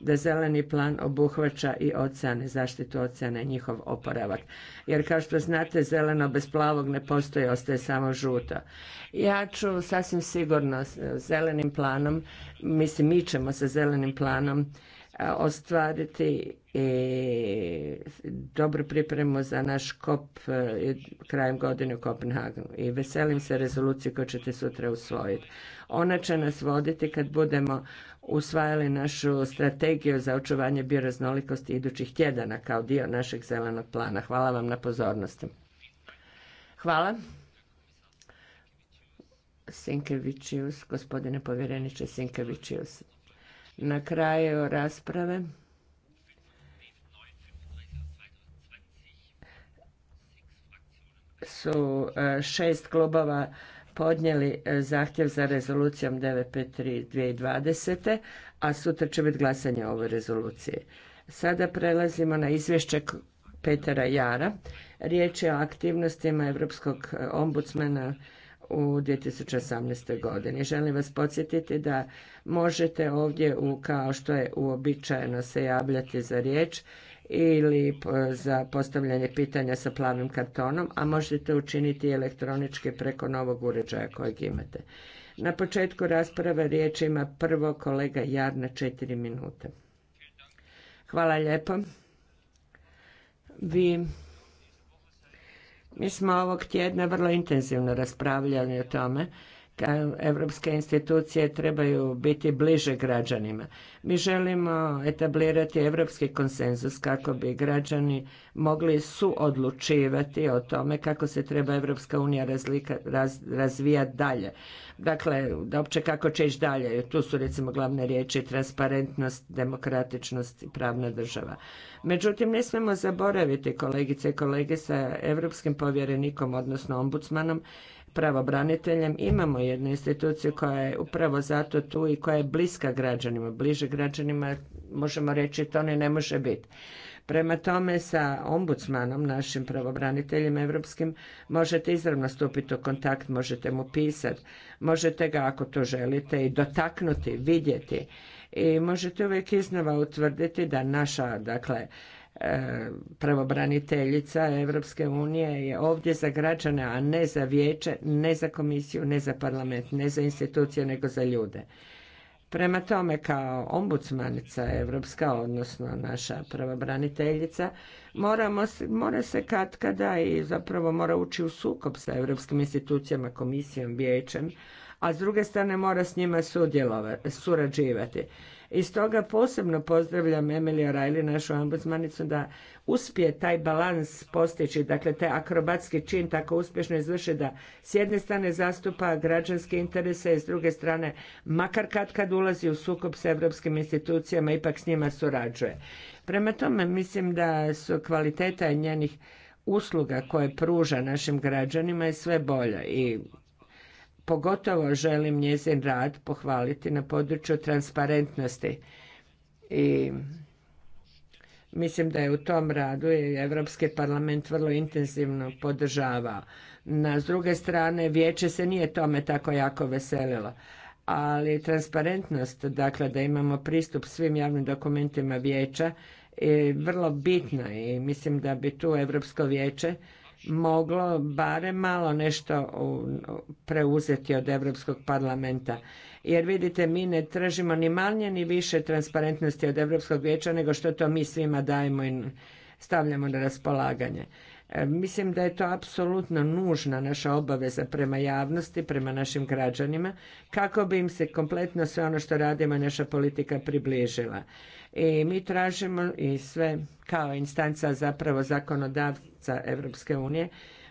da zeleni plan obuhvaća i oceane, zaštitu oceana i njihov oporavak. Jer kao što znate, zeleno bez plavog ne postoji, ostaje samo žuto. Ja ću sasvim sigurno zelenim planom, mislim mi ćemo sa zelenim planom e, ostvariti i dobru pripremu za naš kop e, krajem godine u Kopenhagenu i veselim se rezoluciji koju ćete sutra usvojiti. Ona će nas voditi kad budemo usvajali našu strategiju za očuvanje bioraznolikosti idućih tjedana kao dio našeg zelenog plana. Hvala vam na pozornosti. Hvala. Sinkevičius, gospodine povjereniče Sinkevičius. Na kraju rasprave su e, šest klubova podnijeli e, zahtjev za rezolucijom 953 2020. a sutra će biti glasanje o ovoj rezoluciji. Sada prelazimo na izvješće Petera Jara. Riječ je o aktivnostima Europskog e, ombudsmana u 2018. godini. Želim vas podsjetiti da možete ovdje, u, kao što je uobičajeno, se javljati za riječ ili eh, za postavljanje pitanja sa plavim kartonom, a možete učiniti elektronički preko novog uređaja kojeg imate. Na početku rasprave riječ ima prvo kolega Jarna, četiri minute. Hvala lijepo. Vi... Mi smo ovog tjedna vrlo intenzivno raspravljali o tome europske institucije trebaju biti bliže građanima. Mi želimo etablirati europski konsenzus kako bi građani mogli suodlučivati o tome kako se treba Evropska unija razvijati dalje. Dakle, da uopće kako će ići dalje. Tu su recimo glavne riječi transparentnost, demokratičnost i pravna država. Međutim, ne smijemo zaboraviti kolegice i kolege sa europskim povjerenikom, odnosno ombudsmanom, pravobraniteljem imamo jednu instituciju koja je upravo zato tu i koja je bliska građanima, bliže građanima možemo reći to ni ne može biti. Prema tome sa ombudsmanom, našim pravobraniteljem evropskim, možete izravno stupiti u kontakt, možete mu pisati, možete ga ako to želite i dotaknuti, vidjeti i možete uvijek iznova utvrditi da naša dakle pravobraniteljica Europske unije je ovdje za građane, a ne za vijeće, ne za komisiju, ne za parlament, ne za institucije, nego za ljude. Prema tome, kao ombudsmanica evropska, odnosno naša pravobraniteljica, mora se kad kada i zapravo mora ući u sukob sa evropskim institucijama, komisijom, vijećem, a s druge strane mora s njima surađivati. I stoga posebno pozdravljam Emily Rajli, našu ombudsmanicu, da uspije taj balans postići, dakle taj akrobatski čin tako uspješno izvrši da s jedne strane zastupa građanske interese i s druge strane makar kad kad ulazi u sukob s europskim institucijama ipak s njima surađuje. Prema tome mislim da su kvaliteta njenih usluga koje pruža našim građanima je sve bolja i pogotovo želim njezin rad pohvaliti na području transparentnosti i mislim da je u tom radu i Europski parlament vrlo intenzivno podržavao. Na s druge strane, vijeće se nije tome tako jako veselilo. Ali transparentnost, dakle da imamo pristup svim javnim dokumentima vijeća, je vrlo bitna i mislim da bi tu Europsko vijeće moglo barem malo nešto preuzeti od Europskog parlamenta. Jer vidite, mi ne tražimo ni manje ni više transparentnosti od Europskog vijeća nego što to mi svima dajemo i stavljamo na raspolaganje. E, mislim da je to apsolutno nužna naša obaveza prema javnosti, prema našim građanima, kako bi im se kompletno sve ono što radimo naša politika približila. I mi tražimo i sve kao instanca zapravo zakonodavca Europske unije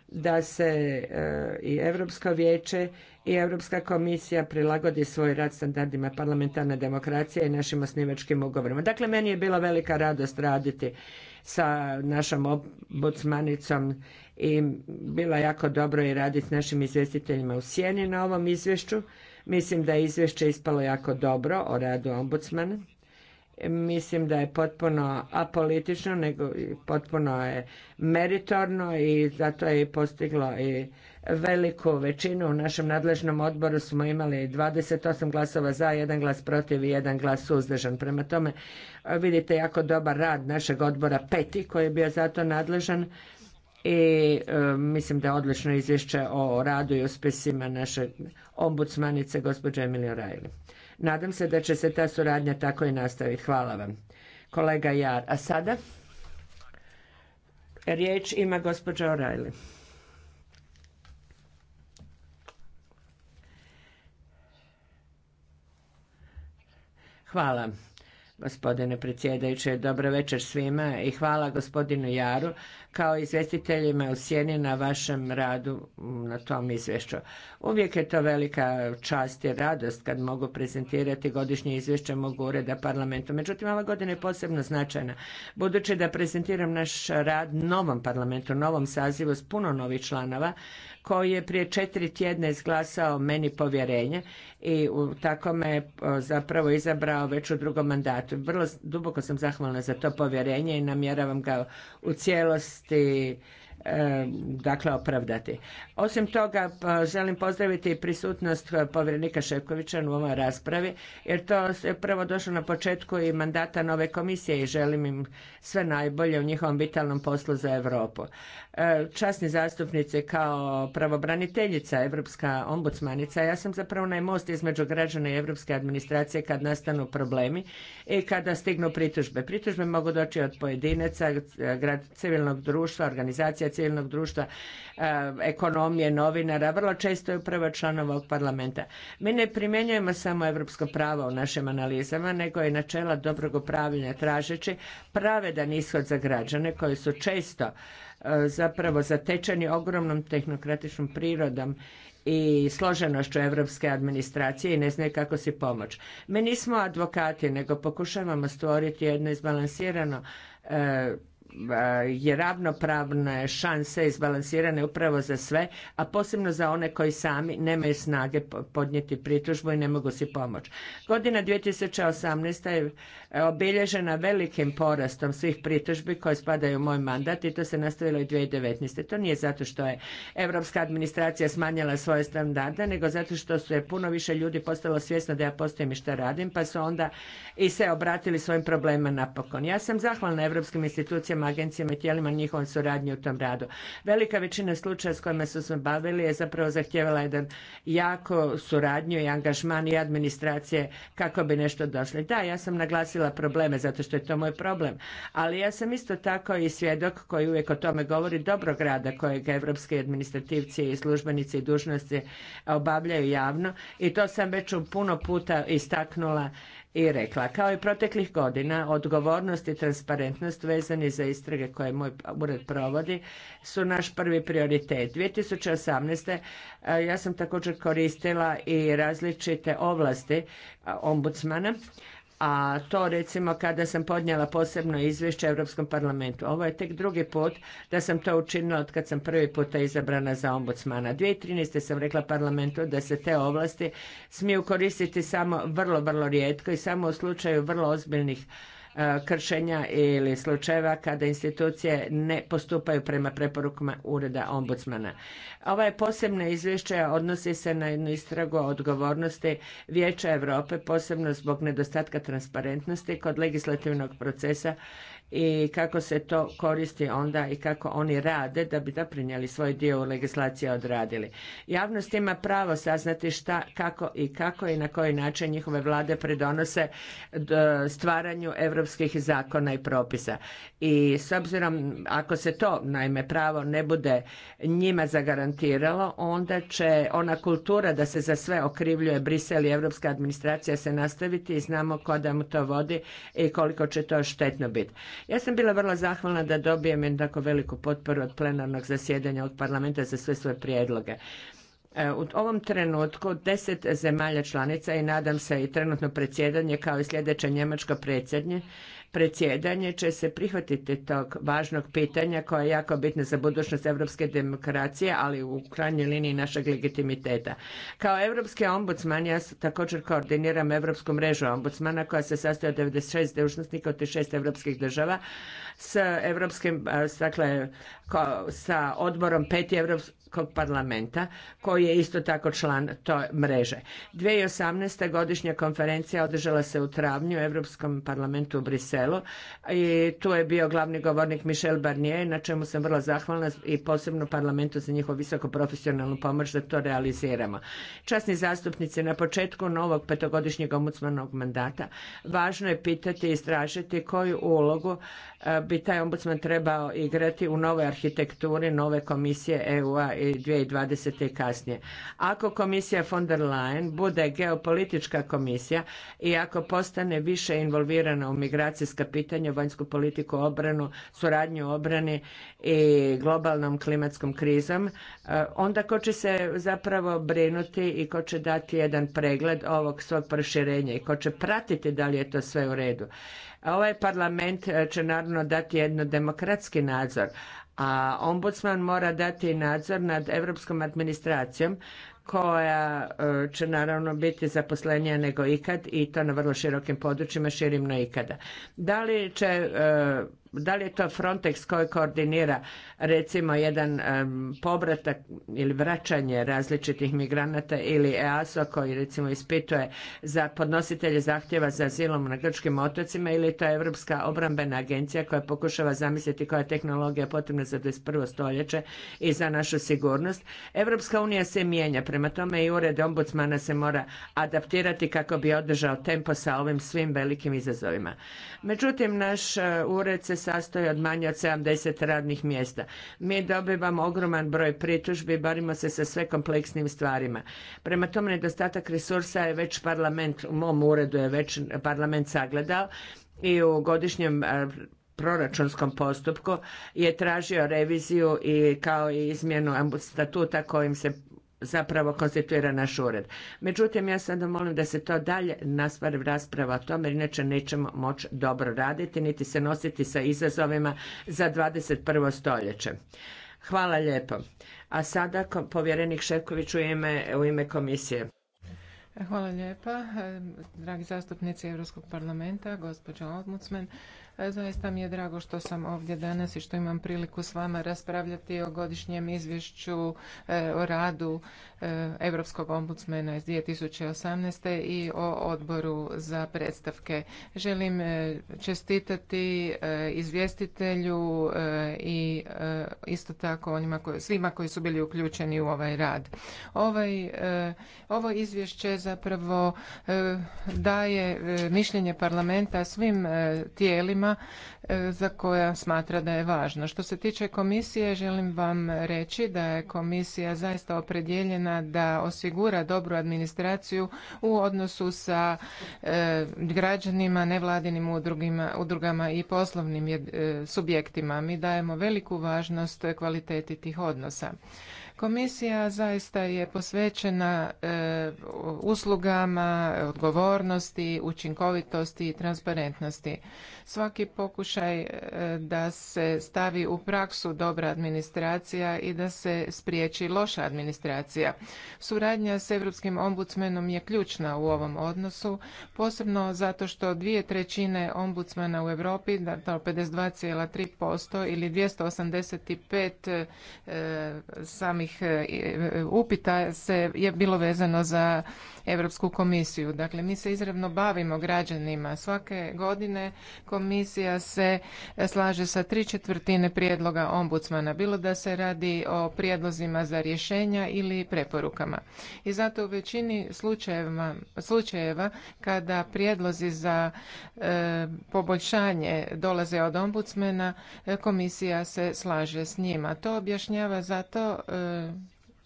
da se e, i Europsko vijeće i Europska komisija prilagodi svoj rad standardima parlamentarne demokracije i našim osnivačkim ugovorima. Dakle, meni je bila velika radost raditi sa našom obocmanicom i bilo jako dobro i raditi s našim izvjestiteljima u sjeni na ovom izvješću. Mislim da je izvješće ispalo jako dobro o radu ombudsmana. Mislim da je potpuno apolitično, nego potpuno je meritorno i zato je postiglo i veliku većinu. U našem nadležnom odboru smo imali 28 glasova za, jedan glas protiv i jedan glas suzdržan. Prema tome vidite jako dobar rad našeg odbora peti koji je bio zato nadležan i e, mislim da je odlično izvješće o radu i uspjesima naše ombudsmanice gospođe Emilio Rajli. Nadam se da će se ta suradnja tako i nastaviti. Hvala vam. Kolega Jar, a sada riječ ima gospođa O'Reilly. Hvala gospodine predsjedajući, dobro večer svima i hvala gospodinu Jaru kao izvjestiteljima u sjeni na vašem radu mm, na tom izvješću. Uvijek je to velika čast i radost kad mogu prezentirati godišnje izvješće mogu ureda parlamentu. Međutim, ova godina je posebno značajna, budući da prezentiram naš rad novom parlamentu, novom sazivu s puno novih članova, koji je prije četiri tjedna izglasao meni povjerenje i u tako me e, zapravo izabrao već u drugom mandatu. Vrlo duboko sam zahvalna za to povjerenje i namjeravam ga u cijelost este E, dakle opravdati. Osim toga želim pozdraviti i prisutnost povjerenika Šepkovića u ovoj raspravi jer to je prvo došlo na početku i mandata nove komisije i želim im sve najbolje u njihovom vitalnom poslu za Europu. E, časni zastupnici kao pravobraniteljica Europska ombudsmanica, ja sam zapravo onaj most između građana i Europske administracije kad nastanu problemi i kada stignu pritužbe. Pritužbe mogu doći od pojedinaca, civilnog društva, organizacija civilnog društva, e, ekonomije, novinara, vrlo često je upravo članova ovog parlamenta. Mi ne primjenjujemo samo europsko pravo u našim analizama, nego i načela dobrog upravljanja tražeći pravedan ishod za građane koji su često e, zapravo zatečeni ogromnom tehnokratičnom prirodom i složenošću evropske administracije i ne znaju kako si pomoć. Mi nismo advokati, nego pokušavamo stvoriti jedno izbalansirano e, je ravnopravne šanse izbalansirane upravo za sve, a posebno za one koji sami nemaju snage podnijeti pritužbu i ne mogu si pomoć. Godina 2018. je e, obilježena velikim porastom svih pritužbi koje spadaju u moj mandat i to se nastavilo i 2019. To nije zato što je europska administracija smanjila svoje standarde, nego zato što su je puno više ljudi postalo svjesno da ja postojim i što radim, pa su onda i se obratili svojim problemima napokon. Ja sam zahvalna europskim institucijama institucijama, agencijama i tijelima njihovom suradnji u tom radu. Velika većina slučaja s kojima su se bavili je zapravo zahtijevala jedan jako suradnju i angažman i administracije kako bi nešto došli. Da, ja sam naglasila probleme zato što je to moj problem, ali ja sam isto tako i svjedok koji uvijek o tome govori dobrog rada kojeg evropski administrativci i službenici i dužnosti obavljaju javno i to sam već puno puta istaknula i rekla. Kao i proteklih godina, odgovornost i transparentnost vezani za istrage koje moj ured provodi su naš prvi prioritet. 2018. E, ja sam također koristila i različite ovlasti e, ombudsmana a to recimo kada sam podnijela posebno izvješće Europskom parlamentu. Ovo je tek drugi put da sam to učinila od kad sam prvi puta izabrana za ombudsmana. 2013. sam rekla parlamentu da se te ovlasti smiju koristiti samo vrlo, vrlo rijetko i samo u slučaju vrlo ozbiljnih E, kršenja ili slučajeva kada institucije ne postupaju prema preporukama ureda ombudsmana. Ova posebno izvješće odnosi se na jednu istragu odgovornosti Vijeća Europe posebno zbog nedostatka transparentnosti kod legislativnog procesa i kako se to koristi onda i kako oni rade da bi doprinijeli svoj dio u legislacije odradili. Javnost ima pravo saznati šta, kako i kako i na koji način njihove vlade pridonose stvaranju europskih zakona i propisa. I s obzirom ako se to naime pravo ne bude njima zagarantiralo, onda će ona kultura da se za sve okrivljuje Brisel i europska administracija se nastaviti i znamo ko mu to vodi i koliko će to štetno biti. Ja sam bila vrlo zahvalna da dobijem jednu tako veliku potporu od plenarnog zasjedanja od parlamenta za sve svoje prijedloge. E, u ovom trenutku deset zemalja članica i nadam se i trenutno predsjedanje kao i sljedeće njemačko predsjednje predsjedanje će se prihvatiti tog važnog pitanja koje je jako bitno za budućnost europske demokracije, ali u krajnjoj liniji našeg legitimiteta. Kao europski ombudsman ja također koordiniram europsku mrežu ombudsmana koja se sastoji od 96 dužnosnika od 36 europskih država s europskim, dakle, sa odborom pet Europskog parlamenta koji je isto tako član to mreže. 2018. godišnja konferencija održala se u travnju u Europskom parlamentu u Briselu i tu je bio glavni govornik Michel Barnier na čemu sam vrlo zahvalna i posebno parlamentu za njihovu visoko profesionalnu pomoć da to realiziramo. Časni zastupnici, na početku novog petogodišnjeg omucmanog mandata važno je pitati i istražiti koju ulogu E, bi taj ombudsman trebao igrati u novoj arhitekturi nove komisije EU-a i 2020. i kasnije. Ako komisija von der Leyen bude geopolitička komisija i ako postane više involvirana u migracijska pitanja, vanjsku politiku, obranu, suradnju obrani i globalnom klimatskom krizom, e, onda ko će se zapravo brinuti i ko će dati jedan pregled ovog svog proširenja i ko će pratiti da li je to sve u redu ovaj parlament e, će naravno dati jedno demokratski nadzor, a ombudsman mora dati nadzor nad europskom administracijom koja e, će naravno biti zaposlenija nego ikad i to na vrlo širokim područjima, širim no ikada. Da li će e, da li je to Frontex koji koordinira recimo jedan pobratak povratak ili vraćanje različitih migranata ili EASO koji recimo ispituje za podnositelje zahtjeva za azilom na grčkim otocima ili to je Europska obrambena agencija koja pokušava zamisliti koja je tehnologija potrebna za 21. stoljeće i za našu sigurnost. Europska unija se mijenja, prema tome i ured ombudsmana se mora adaptirati kako bi održao tempo sa ovim svim velikim izazovima. Međutim, naš e, ured se sastoji od manje od 70 radnih mjesta. Mi dobivamo ogroman broj pritužbi i borimo se sa sve kompleksnim stvarima. Prema tome, nedostatak resursa je već parlament, u mom uredu je već parlament sagledao i u godišnjem e, proračunskom postupku je tražio reviziju i kao i izmjenu statuta kojim se zapravo konstituira naš ured. Međutim, ja sada molim da se to dalje nastavi rasprava o tome, inače nećemo moći dobro raditi, niti se nositi sa izazovima za 21. stoljeće. Hvala lijepo. A sada povjerenik Šefković u ime, u ime komisije. Hvala lijepa, dragi zastupnici Europskog parlamenta, gospođo Ombudsman. E, zaista mi je drago što sam ovdje danas i što imam priliku s vama raspravljati o godišnjem izvješću e, o radu Europskog ombudsmena iz 2018. i o odboru za predstavke. Želim e, čestitati e, izvjestitelju e, i isto tako onima koji, svima koji su bili uključeni u ovaj rad. Ovaj, ovo izvješće zapravo daje mišljenje parlamenta svim tijelima za koja smatra da je važno. Što se tiče komisije, želim vam reći da je komisija zaista opredjeljena da osigura dobru administraciju u odnosu sa e, građanima, nevladinim udrugima, udrugama i poslovnim e, subjektima. Mi dajemo veliku važnost kvaliteti tih odnosa. Komisija zaista je posvećena e, uslugama, odgovornosti, učinkovitosti i transparentnosti. Svaki pokušaj e, da se stavi u praksu dobra administracija i da se spriječi loša administracija. Suradnja s Europskim ombudsmenom je ključna u ovom odnosu, posebno zato što dvije trećine ombudsmana u Europi, dakle 52,3% ili 285 e, samih E, upita se je bilo vezano za Europsku komisiju. Dakle, mi se izravno bavimo građanima. Svake godine komisija se slaže sa tri četvrtine prijedloga ombudsmana, bilo da se radi o prijedlozima za rješenja ili preporukama. I zato u većini slučajeva, slučajeva kada prijedlozi za e, poboljšanje dolaze od ombudsmana, e, komisija se slaže s njima. To objašnjava zato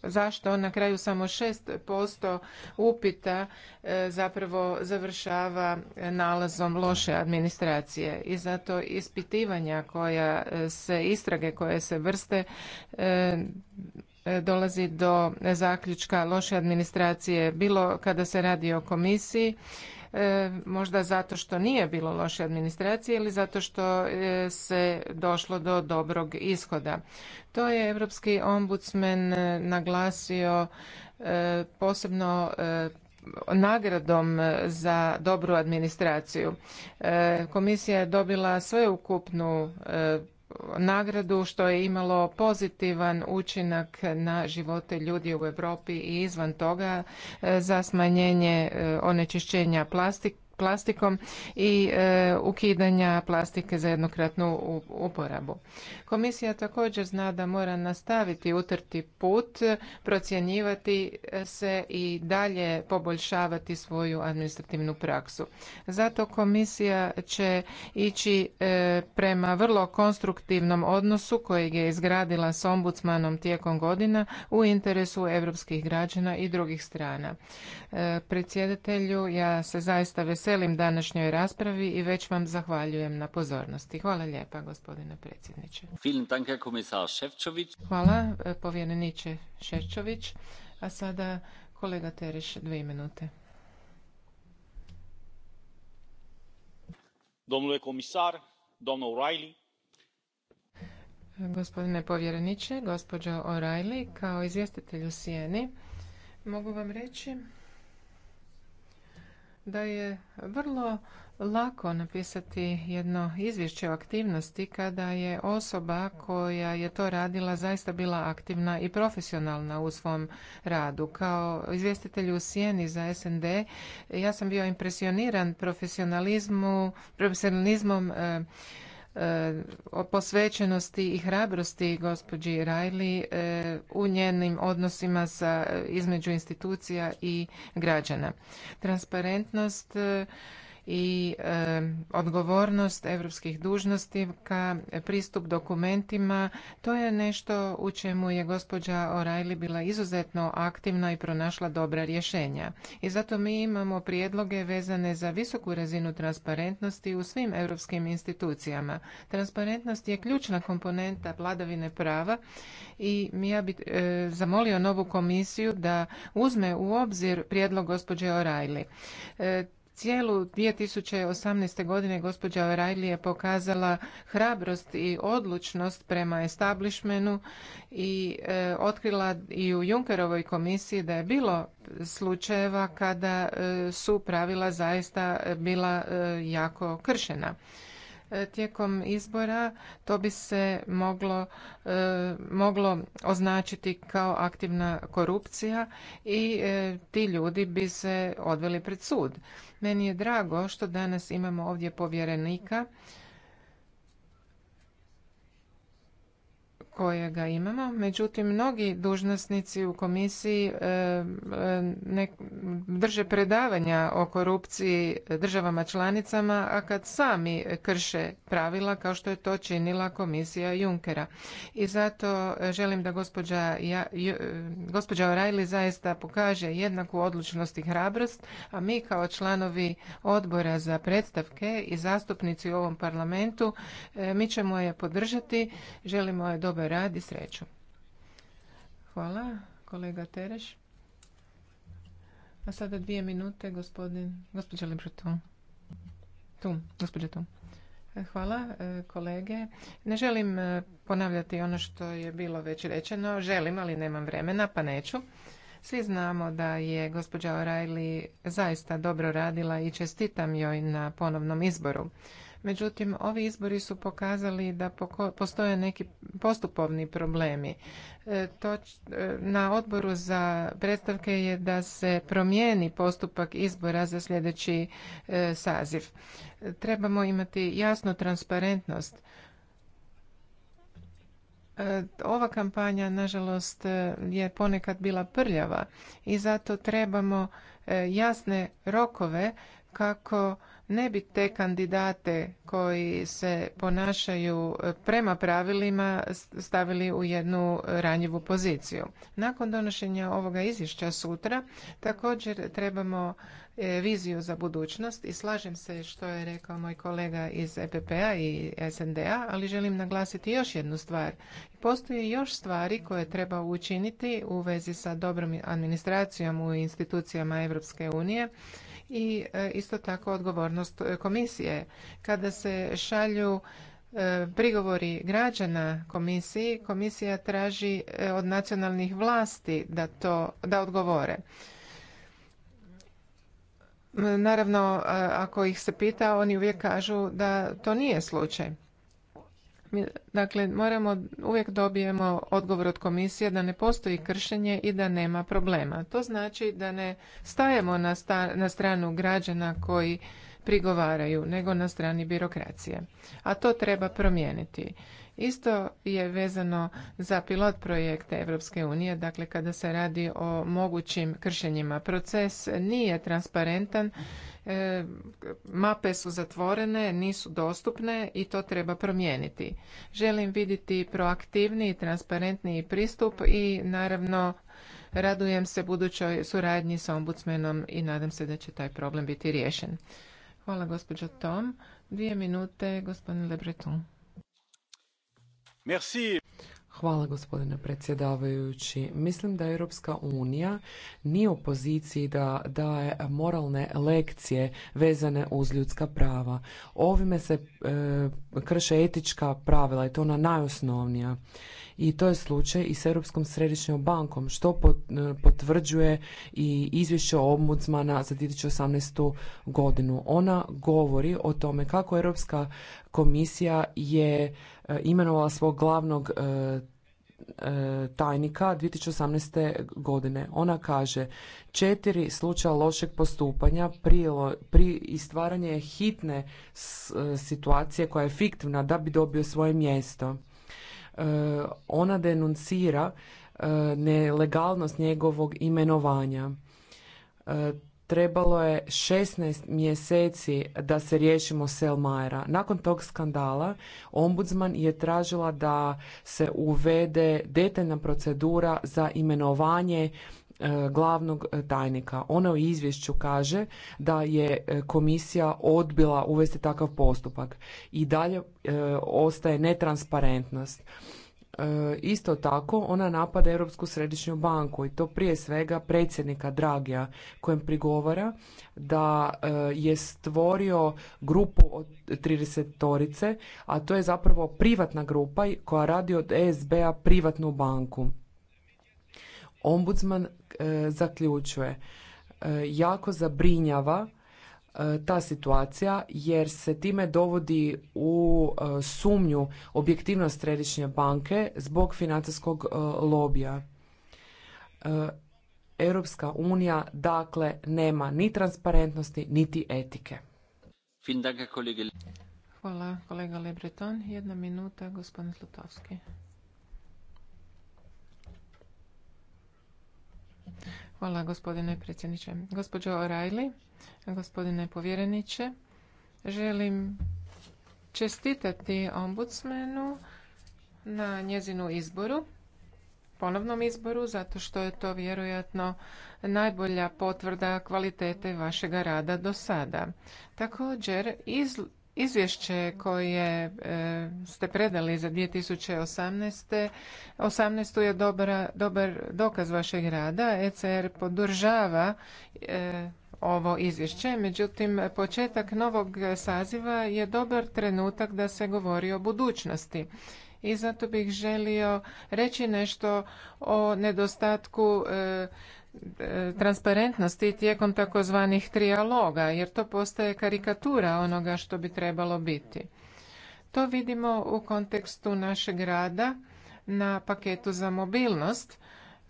zašto na kraju samo 6% upita e, zapravo završava nalazom loše administracije i zato ispitivanja koja e, se istrage koje se vrste e, dolazi do zaključka loše administracije bilo kada se radi o komisiji E, možda zato što nije bilo loše administracije ili zato što e, se došlo do dobrog ishoda. To je Europski ombudsman e, naglasio posebno nagradom za dobru administraciju. Komisija je dobila sveukupnu nagradu što je imalo pozitivan učinak na živote ljudi u Europi i izvan toga e, za smanjenje e, onečišćenja plastike plastikom i e, ukidanja plastike za jednokratnu uporabu. Komisija također zna da mora nastaviti utrti put, procjenjivati se i dalje poboljšavati svoju administrativnu praksu. Zato komisija će ići e, prema vrlo konstruktivnom odnosu kojeg je izgradila s ombudsmanom tijekom godina u interesu europskih građana i drugih strana. E, predsjedatelju, ja se zaista veselim veselim današnjoj raspravi i već vam zahvaljujem na pozornosti. Hvala lijepa, gospodine predsjedniče. Hvala, e, povjereniče šerčović A sada kolega Tereš, dve minute. Domnule komisar, domno O'Reilly, Gospodine povjereniče, gospođo O'Reilly, kao izvjestitelj u Sijeni, mogu vam reći da je vrlo lako napisati jedno izvješće o aktivnosti kada je osoba koja je to radila zaista bila aktivna i profesionalna u svom radu. Kao izvjestitelj u Sijeni za SND ja sam bio impresioniran profesionalizmu, profesionalizmom eh, E, posvećenosti i hrabrosti gospođi Riley e, u njenim odnosima sa, e, između institucija i građana. Transparentnost i e, odgovornost europskih ka pristup dokumentima, to je nešto u čemu je gospođa O'Reilly bila izuzetno aktivna i pronašla dobra rješenja. I zato mi imamo prijedloge vezane za visoku razinu transparentnosti u svim europskim institucijama. Transparentnost je ključna komponenta vladavine prava i ja bi e, zamolio novu komisiju da uzme u obzir prijedlog gospođe O'Reilly. E, Cijelu 2018. godine gospođa O'Reilly je pokazala hrabrost i odlučnost prema establishmentu i e, otkrila i u Junkerovoj komisiji da je bilo slučajeva kada e, su pravila zaista bila e, jako kršena tijekom izbora to bi se moglo, e, moglo označiti kao aktivna korupcija i e, ti ljudi bi se odveli pred sud. Meni je drago što danas imamo ovdje povjerenika kojega imamo. Međutim, mnogi dužnosnici u komisiji e, e, ne drže predavanja o korupciji državama članicama, a kad sami krše pravila kao što je to činila komisija Junkera. I zato želim da gospođa, gospođa O'Reilly zaista pokaže jednaku odlučnost i hrabrost, a mi kao članovi odbora za predstavke i zastupnici u ovom parlamentu, e, mi ćemo je podržati, želimo je dobar rad i sreću. Hvala, kolega Tereš. A sada dvije minute, gospodin, gospođa Tu, gospođa tu. E, hvala e, kolege. Ne želim e, ponavljati ono što je bilo već rečeno. Želim, ali nemam vremena, pa neću. Svi znamo da je gospođa O'Reilly zaista dobro radila i čestitam joj na ponovnom izboru. Međutim, ovi izbori su pokazali da postoje neki postupovni problemi. E, e, na odboru za predstavke je da se promijeni postupak izbora za sljedeći e, saziv. Trebamo imati jasnu transparentnost ova kampanja nažalost je ponekad bila prljava i zato trebamo jasne rokove kako ne bi te kandidate koji se ponašaju e, prema pravilima stavili u jednu ranjivu poziciju. Nakon donošenja ovoga izvješća sutra također trebamo e, viziju za budućnost i slažem se što je rekao moj kolega iz EPP-a i SND-a, ali želim naglasiti još jednu stvar. Postoje još stvari koje treba učiniti u vezi sa dobrom administracijom u institucijama Europske unije i e, isto tako odgovornost e, komisije. Kada se šalju e, prigovori građana komisiji, komisija traži od nacionalnih vlasti da, to, da odgovore. Naravno, ako ih se pita, oni uvijek kažu da to nije slučaj. Dakle, moramo, uvijek dobijemo odgovor od komisije da ne postoji kršenje i da nema problema. To znači da ne stajemo na, na stranu građana koji prigovaraju nego na strani birokracije. A to treba promijeniti. Isto je vezano za pilot projekte Europske unije, dakle kada se radi o mogućim kršenjima. Proces nije transparentan, e, mape su zatvorene, nisu dostupne i to treba promijeniti. Želim vidjeti proaktivniji, transparentniji pristup i naravno radujem se budućoj suradnji sa ombudsmenom i nadam se da će taj problem biti riješen. Hvala gospođo Tom. Dvije minute, gospodin Le Breton. Merci. Hvala gospodine predsjedavajući. Mislim da Europska unija nije u poziciji da daje moralne lekcije vezane uz ljudska prava. Ovime se e, krše etička pravila i to ona najosnovnija. I to je slučaj i s Europskom središnjom bankom što e, potvrđuje i izvješće ombudsmana za 2018. godinu. Ona govori o tome kako Europska komisija je E, imenovala svog glavnog e, e, tajnika 2018. godine. Ona kaže četiri slučaja lošeg postupanja pri istvaranje stvaranje hitne situacije koja je fiktivna da bi dobio svoje mjesto. Ona denuncira nelegalnost njegovog imenovanja trebalo je 16 mjeseci da se riješimo Selmajera. Nakon tog skandala ombudsman je tražila da se uvede detaljna procedura za imenovanje e, glavnog e, tajnika. Ona u izvješću kaže da je e, komisija odbila uvesti takav postupak i dalje ostaje netransparentnost. E, isto tako ona napada Europsku središnju banku i to prije svega predsjednika Dragija kojem prigovara da e, je stvorio grupu od 30 torice, a to je zapravo privatna grupa koja radi od ESB-a privatnu banku. Ombudsman e, zaključuje jako zabrinjava E, ta situacija jer se time dovodi u e, sumnju objektivnost središnje banke zbog financijskog e, lobija. Europska unija dakle nema ni transparentnosti niti etike. Hvala kolega Lebreton. Jedna minuta, gospodin Slutovski. Hvala gospodine predsjedniče. Gospođo O'Reilly, gospodine povjereniče, želim čestitati ombudsmenu na njezinu izboru, ponovnom izboru, zato što je to vjerojatno najbolja potvrda kvalitete vašega rada do sada. Također, iz, Izvješće koje e, ste predali za 2018. 18. je dobra, dobar dokaz vašeg rada. ECR podržava e, ovo izvješće, međutim početak novog saziva je dobar trenutak da se govori o budućnosti i zato bih želio reći nešto o nedostatku e, transparentnosti tijekom takozvanih trijaloga, jer to postaje karikatura onoga što bi trebalo biti. To vidimo u kontekstu našeg rada na paketu za mobilnost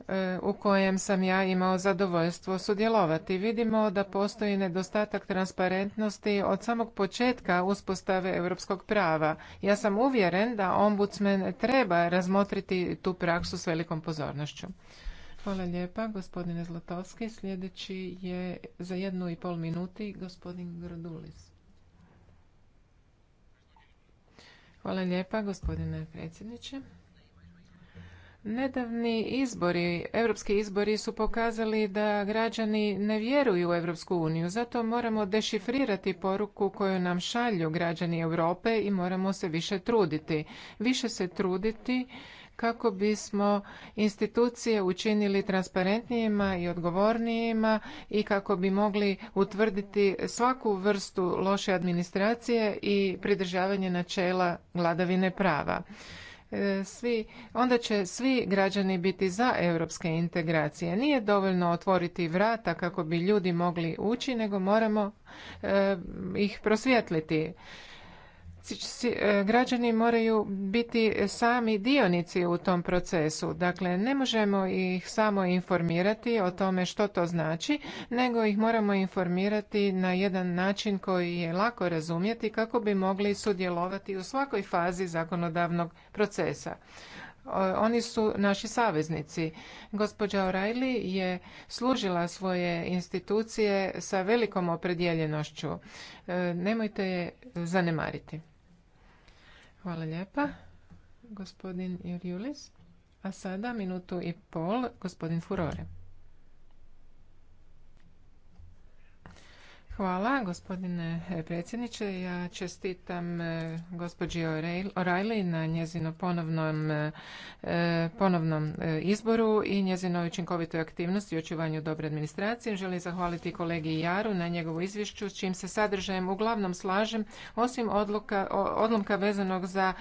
e, u kojem sam ja imao zadovoljstvo sudjelovati. Vidimo da postoji nedostatak transparentnosti od samog početka uspostave europskog prava. Ja sam uvjeren da ombudsman treba razmotriti tu praksu s velikom pozornošću. Hvala lijepa, gospodine Zlatovski. Sljedeći je za jednu i pol minuti gospodin Grodulis. Hvala lijepa, gospodine predsjedniče. Nedavni izbori, europski izbori su pokazali da građani ne vjeruju u Europsku uniju, zato moramo dešifrirati poruku koju nam šalju građani Europe i moramo se više truditi. Više se truditi kako bismo institucije učinili transparentnijima i odgovornijima i kako bi mogli utvrditi svaku vrstu loše administracije i pridržavanje načela vladavine prava e, svi, onda će svi građani biti za europske integracije. Nije dovoljno otvoriti vrata kako bi ljudi mogli ući, nego moramo e, ih prosvjetliti. E, građani moraju biti sami dionici u tom procesu. Dakle, ne možemo ih samo informirati o tome što to znači, nego ih moramo informirati na jedan način koji je lako razumjeti kako bi mogli sudjelovati u svakoj fazi zakonodavnog procesa. Oni su naši saveznici. Gospođa O'Reilly je služila svoje institucije sa velikom opredjeljenošću. E, nemojte je zanemariti. Hvala lijepa, gospodin Jurjulis. A sada minutu i pol, gospodin Furore. Hvala gospodine e, predsjedniče. Ja čestitam e, gospođi O'Reilly na njezinom ponovnom, e, ponovnom izboru i njezinoj učinkovitoj aktivnosti i očuvanju dobre administracije. Želim zahvaliti kolegi Jaru na njegovu izvješću s čim se sadržajem uglavnom slažem osim odluka, odlomka vezanog za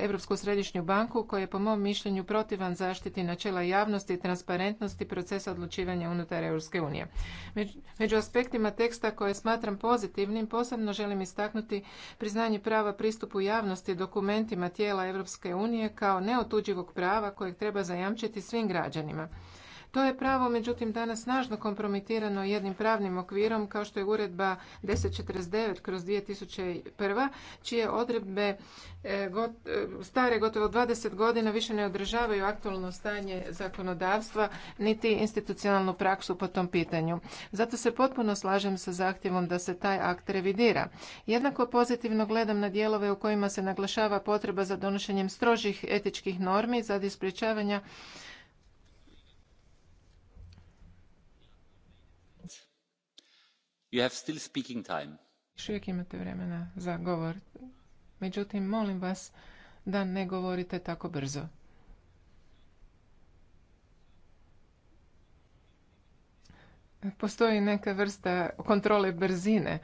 Europsku središnju banku koji je po mom mišljenju protivan zaštiti načela javnosti i transparentnosti procesa odlučivanja unutar Europske unije. Među aspektima teksta aspekta koje smatram pozitivnim posebno želim istaknuti priznanje prava pristupu javnosti dokumentima tijela Europske unije kao neotuđivog prava kojeg treba zajamčiti svim građanima. To je pravo, međutim, danas snažno kompromitirano jednim pravnim okvirom kao što je uredba 1049 kroz 2001. čije odredbe e, e, stare gotovo 20 godina više ne održavaju aktualno stanje zakonodavstva niti institucionalnu praksu po tom pitanju. Zato se potpuno slažem sa zahtjevom da se taj akt revidira. Jednako pozitivno gledam na dijelove u kojima se naglašava potreba za donošenjem strožih etičkih normi za sprječavanja You Još uvijek imate vremena za govor. Međutim, molim vas da ne govorite tako brzo. Postoji neka vrsta kontrole brzine.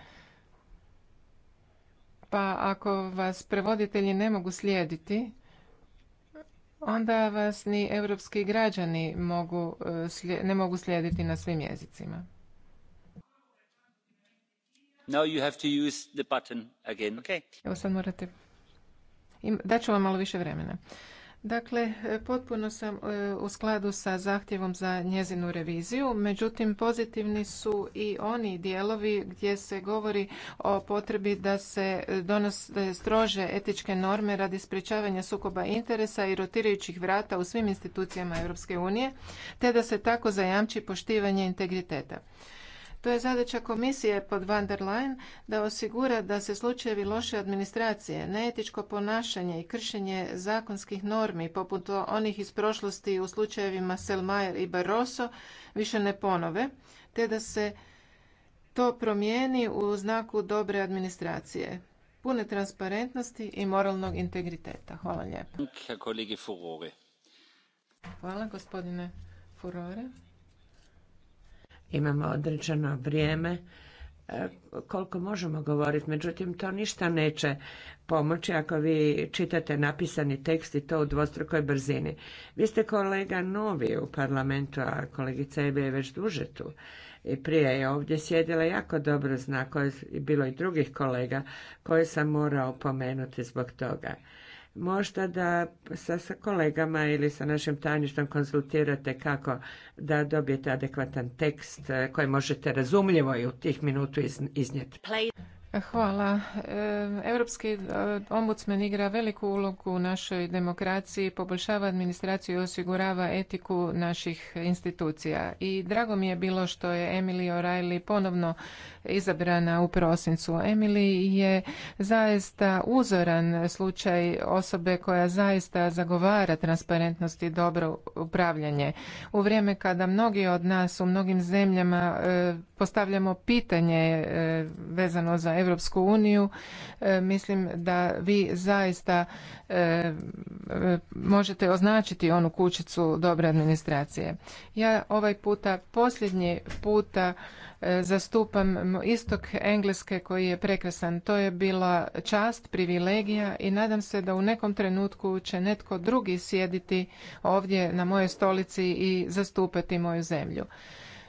Pa ako vas prevoditelji ne mogu slijediti, onda vas ni europski građani mogu, eh, ne mogu slijediti na svim jezicima morate... vam malo više vremena. Dakle, e, potpuno sam e, u skladu sa zahtjevom za njezinu reviziju, međutim pozitivni su i oni dijelovi gdje se govori o potrebi da se e, donose strože etičke norme radi sprječavanja sukoba interesa i rotirajućih vrata u svim institucijama Europske unije, te da se tako zajamči poštivanje integriteta. To je zadaća komisije pod van der Leyen da osigura da se slučajevi loše administracije, neetičko ponašanje i kršenje zakonskih normi, poput onih iz prošlosti u slučajevima Selmajer i Barroso, više ne ponove, te da se to promijeni u znaku dobre administracije pune transparentnosti i moralnog integriteta. Hvala lijepo. Hvala gospodine Furore imamo određeno vrijeme e, koliko možemo govoriti. Međutim, to ništa neće pomoći ako vi čitate napisani tekst i to u dvostrukoj brzini. Vi ste kolega novi u parlamentu, a kolegica Ebe je već duže tu. I prije je ovdje sjedila jako dobro zna koje je bilo i drugih kolega koje sam morao pomenuti zbog toga. Možda da sa, sa kolegama ili sa našim tajništom konzultirate kako da dobijete adekvatan tekst eh, koji možete razumljivo i u tih minutu iznijeti. Hvala. Europski e, ombudsman igra veliku ulogu u našoj demokraciji, poboljšava administraciju i osigurava etiku naših institucija. I drago mi je bilo što je Emily O'Reilly ponovno izabrana u prosincu. Emily je zaista uzoran slučaj osobe koja zaista zagovara transparentnost i dobro upravljanje. U vrijeme kada mnogi od nas u mnogim zemljama e, postavljamo pitanje e, vezano za Europsku uniju, e, mislim da vi zaista e, e, možete označiti onu kućicu dobre administracije. Ja ovaj puta, posljednji puta zastupam istok Engleske koji je prekrasan. To je bila čast, privilegija i nadam se da u nekom trenutku će netko drugi sjediti ovdje na mojoj stolici i zastupati moju zemlju.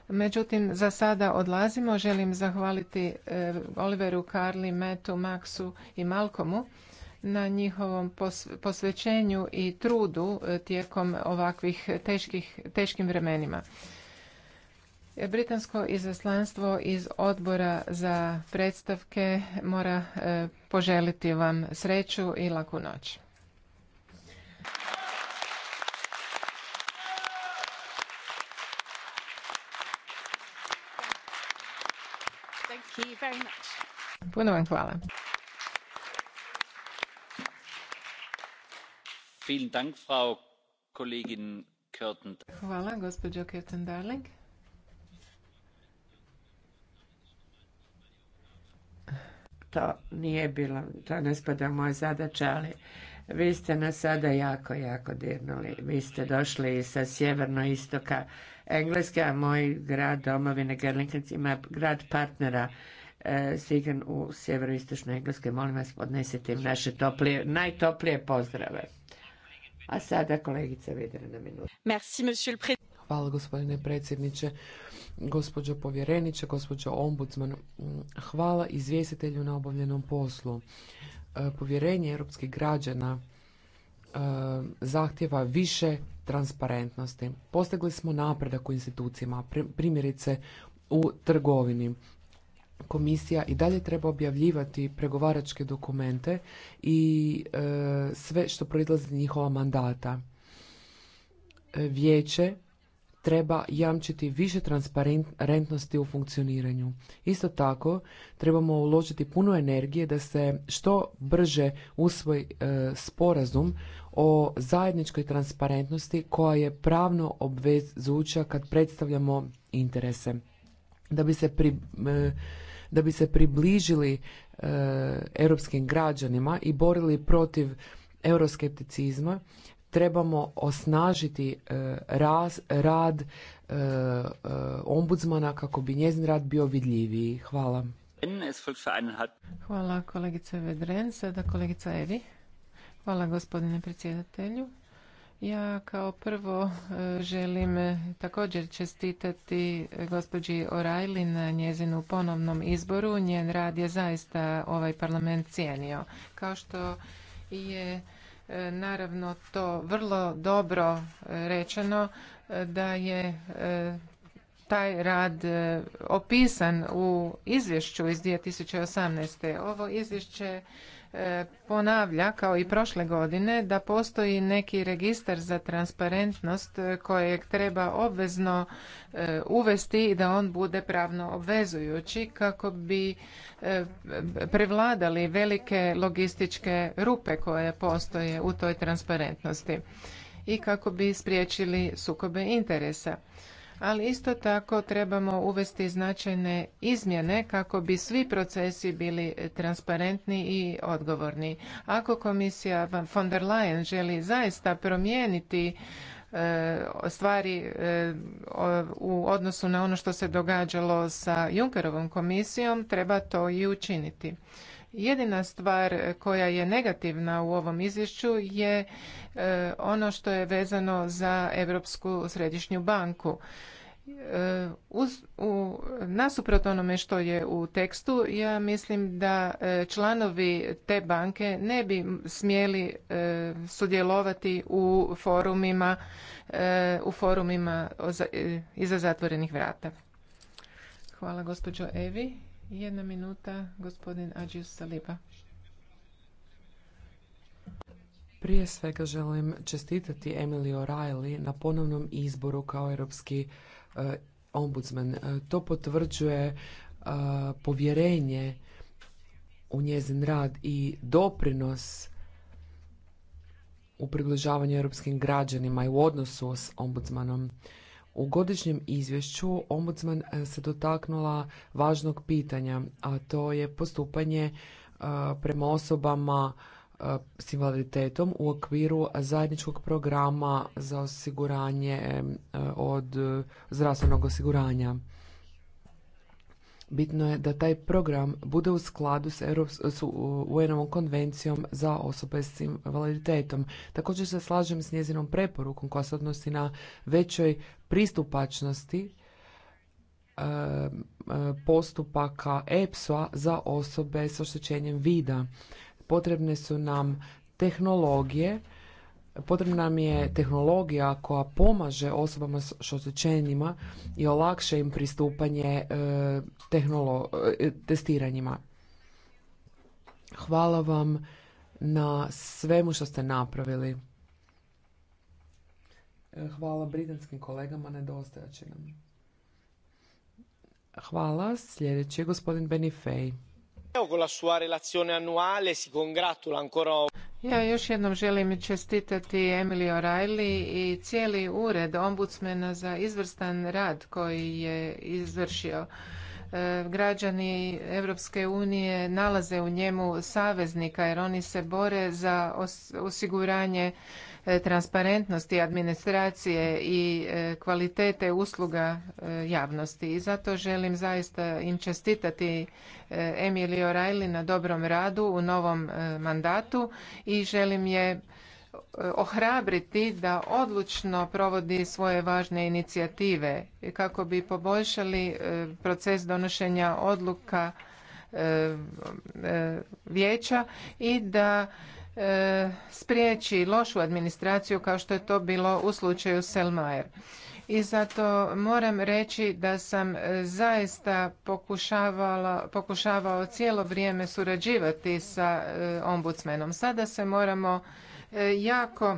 Međutim, za sada odlazimo. Želim zahvaliti e, Oliveru, Karli, Metu, Maksu i Malkomu na njihovom posvećenju i trudu e, tijekom ovakvih teških, teškim vremenima. E, Britansko izaslanstvo iz odbora za predstavke mora poželiti vam sreću i laku noć. Puno vam hvala. Vielen Dank, Hvala, gospođo Curtin-Darling. To nije bila to ne spada moja zadaća, ali vi ste nas sada jako, jako dirnuli. Vi ste došli sa sjeverno-istoka Engleske, a moj grad domovine Gerlingens ima grad partnera e, u sjeveroistočnoj Engleskoj. Molim vas, podnesite im naše toplije, najtoplije pozdrave. A sada kolegica Vidra na minutu. Merci, monsieur le Hvala gospodine predsjedniče, gospođo povjereniče, gospođo ombudsman. Hvala izvjestitelju na obavljenom poslu. E, povjerenje europskih građana e, zahtjeva više transparentnosti. Postigli smo napredak u institucijama, primjerice u trgovini. Komisija i dalje treba objavljivati pregovaračke dokumente i e, sve što proizlazi njihova mandata. Vijeće treba jamčiti više transparentnosti u funkcioniranju. Isto tako, trebamo uložiti puno energije da se što brže usvoji e, sporazum o zajedničkoj transparentnosti koja je pravno obvezuća kad predstavljamo interese. Da bi se e, da bi se približili e, europskim građanima i borili protiv euroskepticizma trebamo osnažiti e, raz, rad e, e, ombudsmana kako bi njezin rad bio vidljiviji. Hvala. Hvala kolegice Vedren. Sada kolegica Evi. Hvala gospodine predsjedatelju. Ja kao prvo želim također čestitati gospođi O'Reilly na njezinu ponovnom izboru. Njen rad je zaista ovaj parlament cijenio. Kao što je E, naravno to vrlo dobro e, rečeno e, da je taj rad opisan u izvješću iz 2018. Ovo izvješće E, ponavlja kao i prošle godine da postoji neki registar za transparentnost e, kojeg treba obvezno e, uvesti i da on bude pravno obvezujući kako bi prevladali velike logističke rupe koje postoje u toj transparentnosti i kako bi spriječili sukobe interesa ali isto tako trebamo uvesti značajne izmjene kako bi svi procesi bili transparentni i odgovorni. Ako komisija von der Leyen želi zaista promijeniti e, stvari e, u odnosu na ono što se događalo sa Junckerovom komisijom, treba to i učiniti. Jedina stvar koja je negativna u ovom izvješću je e, ono što je vezano za Europsku središnju banku. E, uz, u, nasuprot onome što je u tekstu, ja mislim da e, članovi te banke ne bi smjeli sudjelovati u forumima, u forumima iza zatvorenih vrata. Hvala gospođo Evi. Jedna minuta, gospodin Adjus Saliba. Prije svega želim čestitati Emily O'Reilly na ponovnom izboru kao europski eh, ombudsman. Eh, to potvrđuje eh, povjerenje u njezin rad i doprinos u približavanju europskim građanima i u odnosu s ombudsmanom. U godišnjem izvješću ombudsman e, se dotaknula važnog pitanja, a to je postupanje e, prema osobama e, s invaliditetom u okviru zajedničkog programa za osiguranje od zdravstvenog osiguranja. Bitno je da taj program bude u skladu s un konvencijom za osobe s invaliditetom. Također se slažem s njezinom preporukom koja se odnosi na većoj pristupačnosti eh, eh, postupaka EPSO-a za osobe s oštećenjem vida. Potrebne su nam tehnologije Potrebna nam je tehnologija koja pomaže osobama s oštećenjima i olakša im pristupanje e, tehnolo e, testiranjima. Hvala vam na svemu što ste napravili. E, hvala britanskim kolegama, nedostajat nam. Hvala. Sljedeći je gospodin Benifej. Con la sua relazione annuale ja još jednom želim čestitati Emily O'Reilly i cijeli ured ombudsmena za izvrstan rad koji je izvršio. E, građani Europske unije nalaze u njemu saveznika jer oni se bore za osiguranje E, transparentnosti administracije i e, kvalitete usluga e, javnosti. I zato želim zaista im čestitati Emily O'Reilly na dobrom radu u novom mandatu i želim je ohrabriti da odlučno provodi svoje važne inicijative kako bi poboljšali proces donošenja odluka vijeća i da E, spriječi lošu administraciju kao što je to bilo u slučaju Selmajer. I zato moram reći da sam e, zaista pokušavao cijelo vrijeme surađivati sa e, ombudsmenom. Sada se moramo jako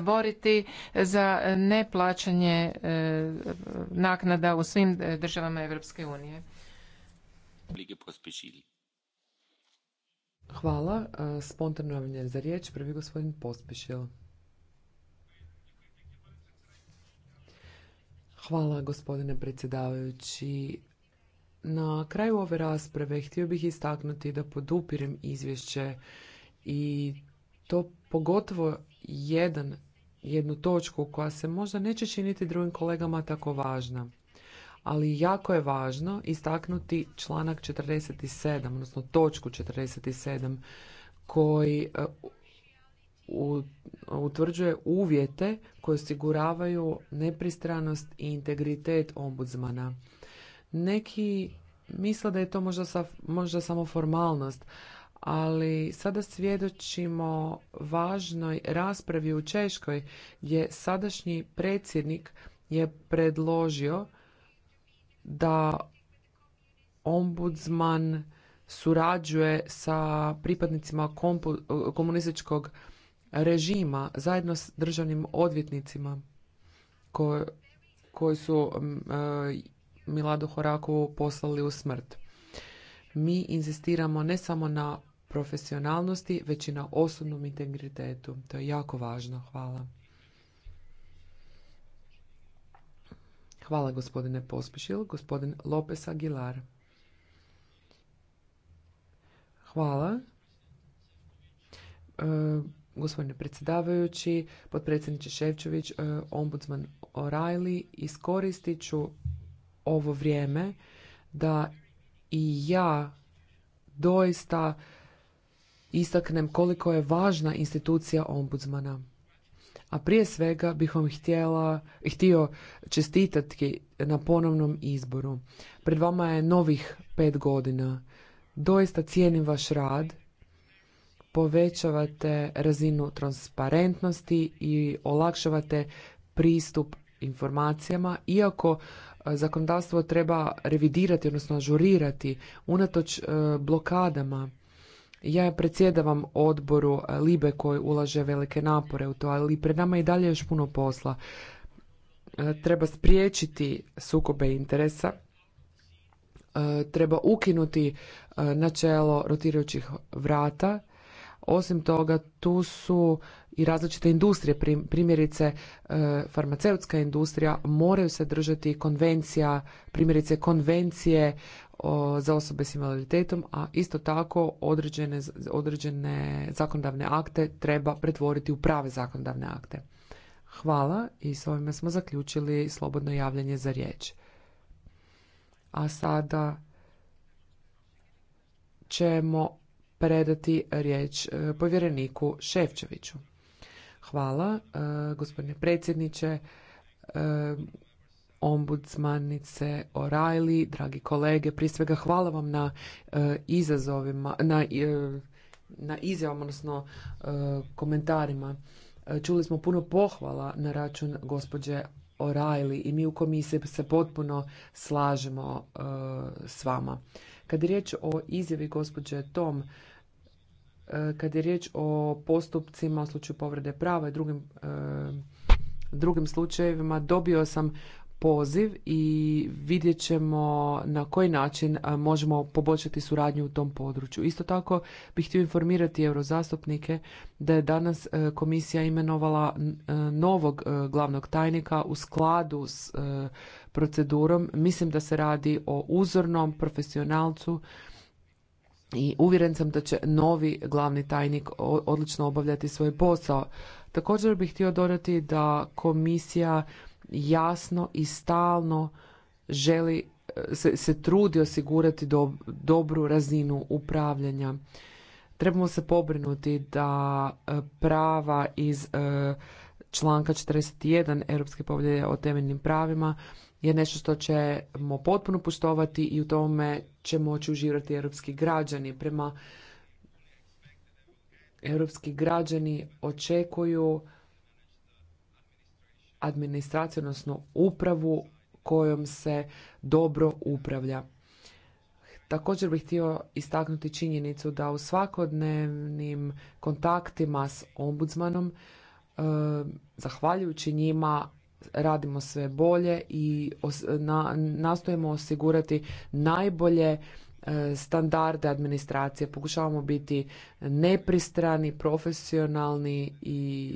boriti za neplaćanje naknada u svim državama Europske unije. Hvala. E, spontano je za riječ. Prvi gospodin Pospišil. Hvala gospodine predsjedavajući. Na kraju ove rasprave htio bih istaknuti da podupirem izvješće i to pogotovo jedan, jednu točku koja se možda neće činiti drugim kolegama tako važna ali jako je važno istaknuti članak 47, odnosno točku 47 koji e, utvrđuje uvjete koji osiguravaju nepristranost i integritet ombudsmana. Neki misle da je to možda, možda samo formalnost, ali sada svjedočimo važnoj raspravi u Češkoj gdje sadašnji predsjednik je predložio da ombudsman surađuje sa pripadnicima komunističkog režima zajedno s državnim odvjetnicima koji su mm, e, Miladu Horakovu poslali u smrt. Mi inzistiramo ne samo na profesionalnosti, već i na osobnom integritetu. To je jako važno. Hvala. Hvala gospodine Pospišil. Gospodin Lopes Aguilar. Hvala. E, gospodine predsjedavajući, potpredsjedniče Ševčević, e, ombudsman O'Reilly, iskoristit ću ovo vrijeme da i ja doista istaknem koliko je važna institucija ombudsmana a prije svega bih vam htjela, htio čestitati na ponovnom izboru. Pred vama je novih pet godina. Doista cijenim vaš rad, povećavate razinu transparentnosti i olakšavate pristup informacijama, iako e, zakonodavstvo treba revidirati, odnosno ažurirati, unatoč e, blokadama ja predsjedavam odboru Libe koji ulaže velike napore u to, ali pred nama je i dalje još puno posla. E, treba spriječiti sukobe interesa, e, treba ukinuti e, načelo rotirajućih vrata, osim toga, tu su i različite industrije, primjerice e, farmaceutska industrija, moraju se držati konvencija, primjerice konvencije za osobe s invaliditetom, a isto tako određene, određene zakonodavne akte treba pretvoriti u prave zakonodavne akte. Hvala i s ovime smo zaključili slobodno javljanje za riječ. A sada ćemo predati riječ e, povjereniku Ševčeviću. Hvala, e, gospodine predsjedniče, e, ombudsmanice O'Reilly, dragi kolege. Prije svega hvala vam na izazovima, na, na izjavom, odnosno komentarima. Čuli smo puno pohvala na račun gospođe O'Reilly i mi u komisiji se potpuno slažemo s vama. Kad je riječ o izjavi gospođe Tom, E, kad je riječ o postupcima u slučaju povrede prava i drugim, e, drugim slučajevima, dobio sam poziv i vidjet ćemo na koji način e, možemo poboljšati suradnju u tom području. Isto tako bih htio informirati eurozastupnike da je danas komisija imenovala novog glavnog tajnika u skladu s procedurom. Mislim da se radi o uzornom profesionalcu i uvjeren sam da će novi glavni tajnik odlično obavljati svoj posao. Također bih htio dodati da komisija jasno i stalno želi e, se, se trudi osigurati do, dobru razinu upravljanja. Trebamo se pobrinuti da e, prava iz e, članka 41 Europske povelje o temeljnim pravima je nešto što ćemo potpuno poštovati i u tome će moći uživati europski građani. Prema europski građani očekuju administraciju, odnosno upravu kojom se dobro upravlja. Također bih htio istaknuti činjenicu da u svakodnevnim kontaktima s ombudsmanom, eh, zahvaljujući njima, radimo sve bolje i nastojimo osigurati najbolje e, standarde administracije, pokušavamo biti nepristrani, profesionalni i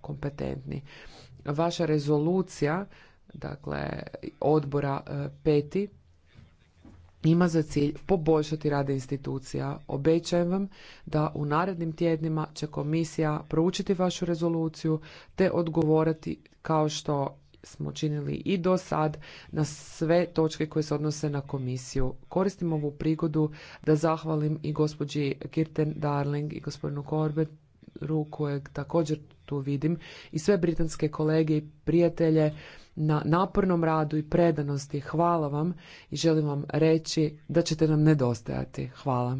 kompetentni. Vaša rezolucija, dakle odbora e, peti, ima za cilj poboljšati rade institucija. Obećajem vam da u narednim tjednima će komisija proučiti vašu rezoluciju te odgovoriti kao što smo činili i do sad na sve točke koje se odnose na komisiju. Koristim ovu prigodu da zahvalim i gospođi Kirten Darling i gospodinu Korberu kojeg također tu vidim i sve britanske kolege i prijatelje na napornom radu i predanosti. Hvala vam i želim vam reći da ćete nam nedostajati. Hvala.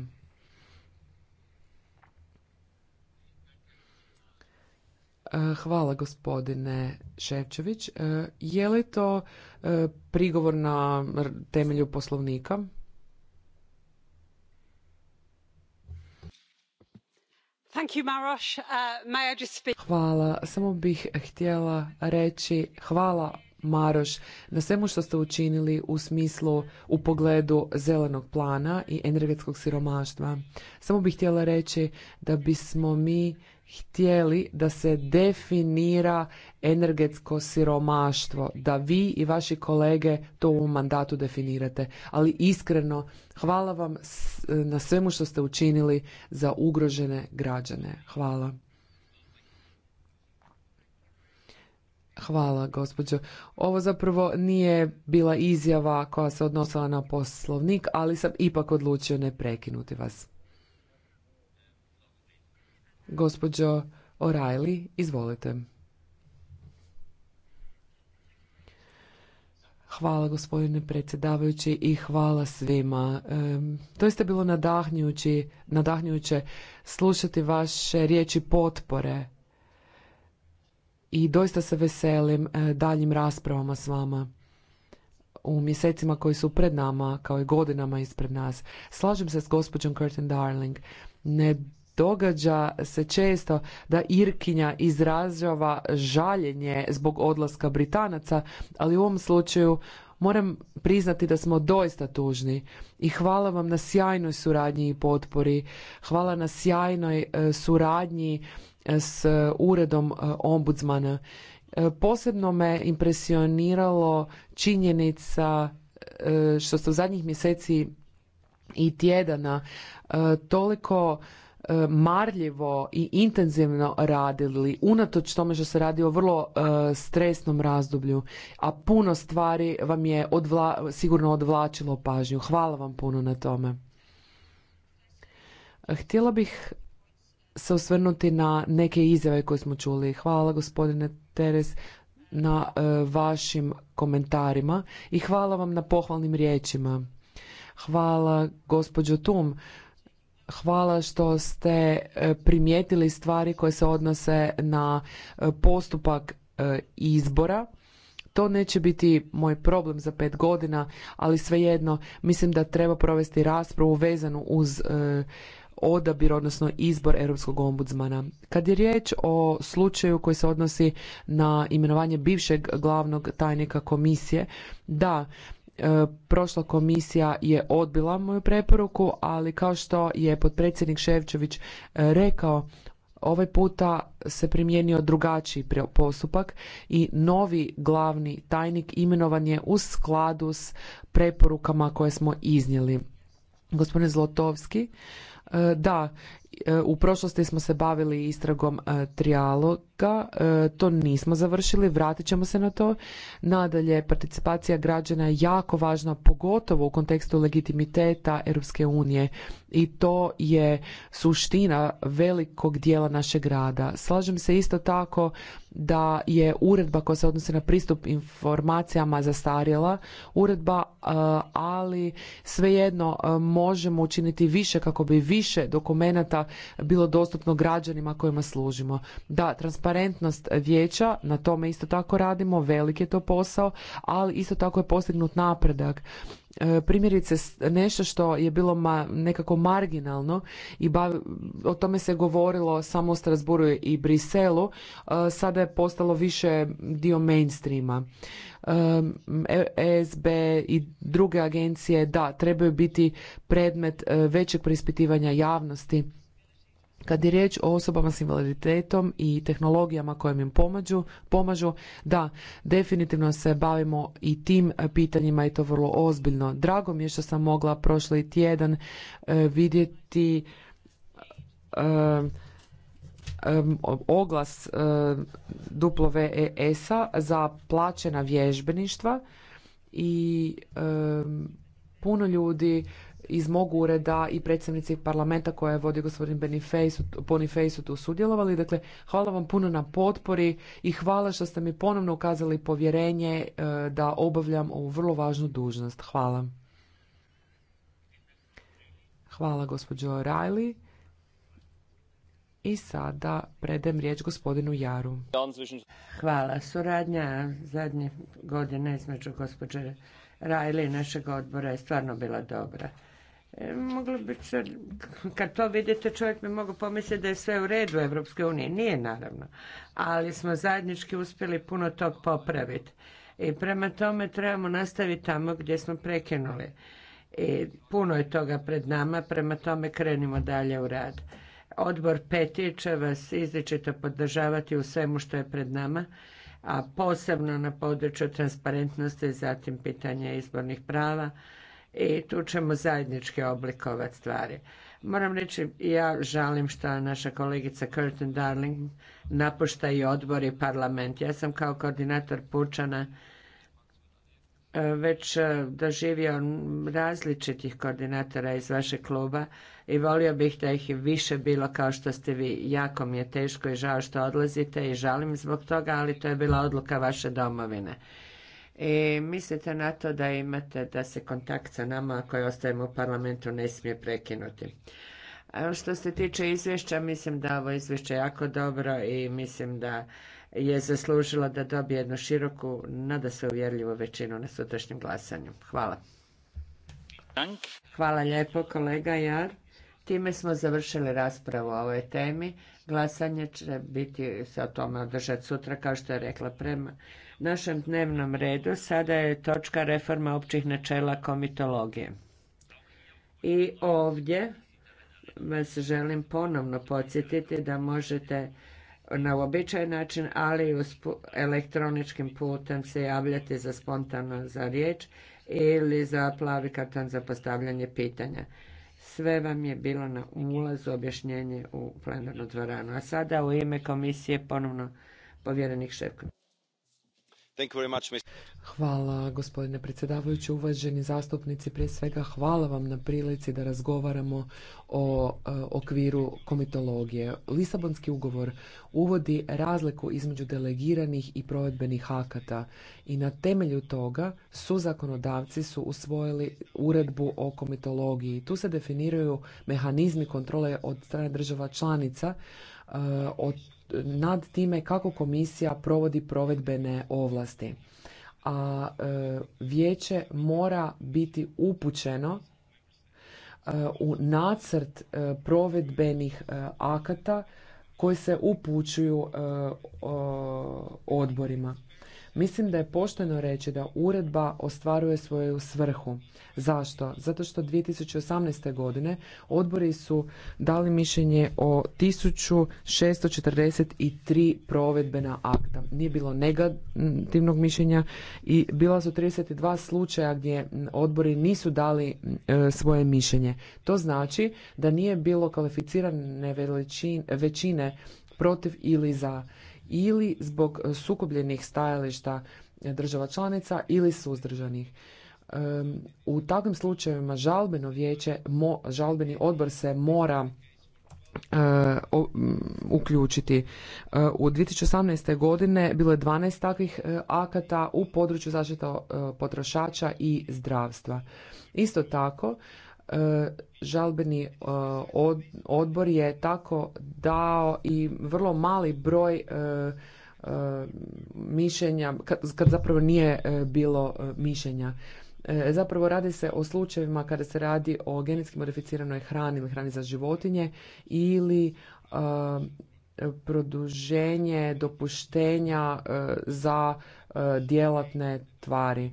E, hvala gospodine Ševčević. E, je li to e, prigovor na temelju poslovnika? Uh, hvala. Samo bih htjela reći hvala Maroš na svemu što ste učinili u smislu u pogledu zelenog plana i energetskog siromaštva. Samo bih htjela reći da bismo mi htjeli da se definira energetsko siromaštvo, da vi i vaši kolege to u mandatu definirate. Ali iskreno, hvala vam na svemu što ste učinili za ugrožene građane. Hvala. Hvala, gospođo. Ovo zapravo nije bila izjava koja se odnosila na poslovnik, ali sam ipak odlučio ne prekinuti vas. Gospođo O'Reilly, izvolite. Hvala gospodine predsjedavajući i hvala svima. To doista je bilo nadahnjujuće slušati vaše riječi potpore i doista se veselim e, daljim raspravama s vama u mjesecima koji su pred nama kao i godinama ispred nas. Slažem se s gospođom Curtin Darling. Ne događa se često da Irkinja izražava žaljenje zbog odlaska Britanaca, ali u ovom slučaju moram priznati da smo doista tužni i hvala vam na sjajnoj suradnji i potpori. Hvala na sjajnoj e, suradnji e, s uredom e, ombudsmana. Posebno me impresioniralo činjenica što ste u zadnjih mjeseci i tjedana toliko E, marljivo i intenzivno radili, unatoč tome što se radi o vrlo e, stresnom razdoblju, a puno stvari vam je sigurno odvlačilo pažnju. Hvala vam puno na tome. Htjela bih se osvrnuti na neke izjave koje smo čuli. Hvala gospodine Teres na e, vašim komentarima i hvala vam na pohvalnim riječima. Hvala gospođo Tum Hvala što ste e, primijetili stvari koje se odnose na e, postupak e, izbora. To neće biti moj problem za pet godina, ali svejedno mislim da treba provesti raspravu vezanu uz odabir, odnosno izbor Europskog ombudsmana. Kad je riječ o slučaju koji se odnosi na imenovanje bivšeg glavnog tajnika komisije, da, E, prošla komisija je odbila moju preporuku, ali kao što je potpredsjednik Ševčević e, rekao, ovaj puta se primijenio drugačiji postupak i novi glavni tajnik imenovan je u skladu s preporukama koje smo iznijeli. Gospodine Zlotovski, e, da, E, u prošlosti smo se bavili istragom e, trijaloga, e, to nismo završili, vratit ćemo se na to. Nadalje, participacija građana je jako važna, pogotovo u kontekstu legitimiteta Europske unije i to je suština velikog dijela našeg rada. Slažem se isto tako da je uredba koja se odnosi na pristup informacijama zastarjela uredba, ali svejedno možemo učiniti više kako bi više dokumenata bilo dostupno građanima kojima služimo. Da, transparentnost vijeća, na tome isto tako radimo, velik je to posao, ali isto tako je postignut napredak. E, primjerice, nešto što je bilo nekako marginalno i o tome se govorilo samo u Strasburu i Briselu, e, sada je postalo više dio mainstreama. ESB e, i druge agencije, da, trebaju biti predmet većeg preispitivanja javnosti kad je riječ o osobama s invaliditetom i tehnologijama kojim im pomažu, pomažu, da, definitivno se bavimo i tim pitanjima i to vrlo ozbiljno. Drago mi je što sam mogla prošli tjedan e, vidjeti e, oglas duplo e, VES-a za plaćena vježbeništva i puno ljudi iz mog ureda i predstavnici parlamenta koje vodi gospodin Bonifej su tu sudjelovali. Dakle, hvala vam puno na potpori i hvala što ste mi ponovno ukazali povjerenje e, da obavljam ovu vrlo važnu dužnost. Hvala. Hvala gospođo Rajli. I sada predem riječ gospodinu Jaru. Hvala. Suradnja zadnje godine između gospođe Rajli i našeg odbora je stvarno bila dobra. E, moglo bi kad to vidite, čovjek bi mogao pomisliti da je sve u redu Evropske unije. Nije, naravno. Ali smo zajednički uspjeli puno tog popraviti. I prema tome trebamo nastaviti tamo gdje smo prekinuli. I puno je toga pred nama, prema tome krenimo dalje u rad. Odbor Peti će vas izričito podržavati u svemu što je pred nama, a posebno na području transparentnosti, i zatim pitanja izbornih prava, i tu ćemo zajednički oblikovati stvari. Moram reći, ja žalim što naša kolegica Curtin Darling napušta i odbor i parlament. Ja sam kao koordinator Pučana e, već e, doživio različitih koordinatora iz vašeg kluba i volio bih da ih više bilo kao što ste vi. Jako mi je teško i žao što odlazite i žalim zbog toga, ali to je bila odluka vaše domovine i e, mislite na to da imate da se kontakt sa nama koji ostajemo u parlamentu ne smije prekinuti. što se tiče izvješća, mislim da ovo izvješće je jako dobro i mislim da je zaslužilo da dobije jednu široku, nada se uvjerljivu većinu na sutrašnjem glasanju. Hvala. Hvala lijepo kolega Jar. Time smo završili raspravu o ovoj temi. Glasanje će biti se o tome održati sutra, kao što je rekla prema našem dnevnom redu. Sada je točka reforma općih načela komitologije. I ovdje vas želim ponovno podsjetiti da možete na uobičajen način, ali i elektroničkim putem se javljati za spontano za riječ ili za plavi karton za postavljanje pitanja. Sve vam je bilo na ulazu objašnjenje u plenarnu dvoranu. A sada u ime komisije ponovno povjerenik Ševko. Hvala gospodine predsjedavajući, uvaženi zastupnici. Prije svega hvala vam na prilici da razgovaramo o e, okviru komitologije. Lisabonski ugovor uvodi razliku između delegiranih i provedbenih akata i na temelju toga su zakonodavci su usvojili uredbu o komitologiji. Tu se definiraju mehanizmi kontrole od strane država članica e, od nad time kako komisija provodi provedbene ovlasti. A e, vijeće mora biti upućeno e, u nacrt e, provedbenih akata koji se upućuju odborima. Mislim da je pošteno reći da uredba ostvaruje svoju svrhu. Zašto? Zato što 2018. godine odbori su dali mišljenje o 1643 provedbena akta. Nije bilo negativnog mišljenja i bila su 32 slučaja gdje odbori nisu dali e, svoje mišljenje. To znači da nije bilo kvalificirane većine protiv ili za ili zbog e, sukobljenih stajališta država članica ili suzdržanih. U takvim slučajevima žalbeno vijeće, žalbeni odbor se mora e, uključiti. E, u 2018. godine bilo je 12 takvih akata u području zaštita potrošača i zdravstva. Isto tako, E, žalbeni e, odbor je tako dao i vrlo mali broj e, mišljenja, kad zapravo nije bilo mišljenja. Zapravo radi se o slučajevima kada se radi o genetski modificiranoj hrani ili hrani za životinje ili produženje dopuštenja za djelatne tvari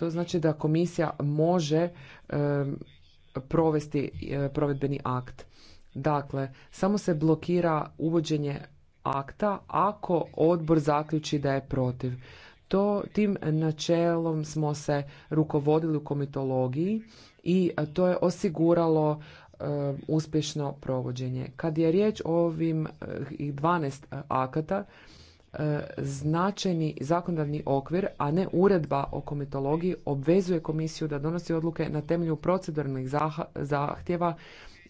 to znači da komisija može provesti e, provedbeni akt. Dakle, samo se blokira uvođenje akta ako odbor zaključi da je protiv. To tim načelom smo se rukovodili u komitologiji i to je osiguralo uspješno provođenje. Kad je riječ o ovim 12 eh, akata, E, značajni zakonodavni okvir, a ne uredba o komitologiji, obvezuje komisiju da donosi odluke na temelju proceduralnih zahtjeva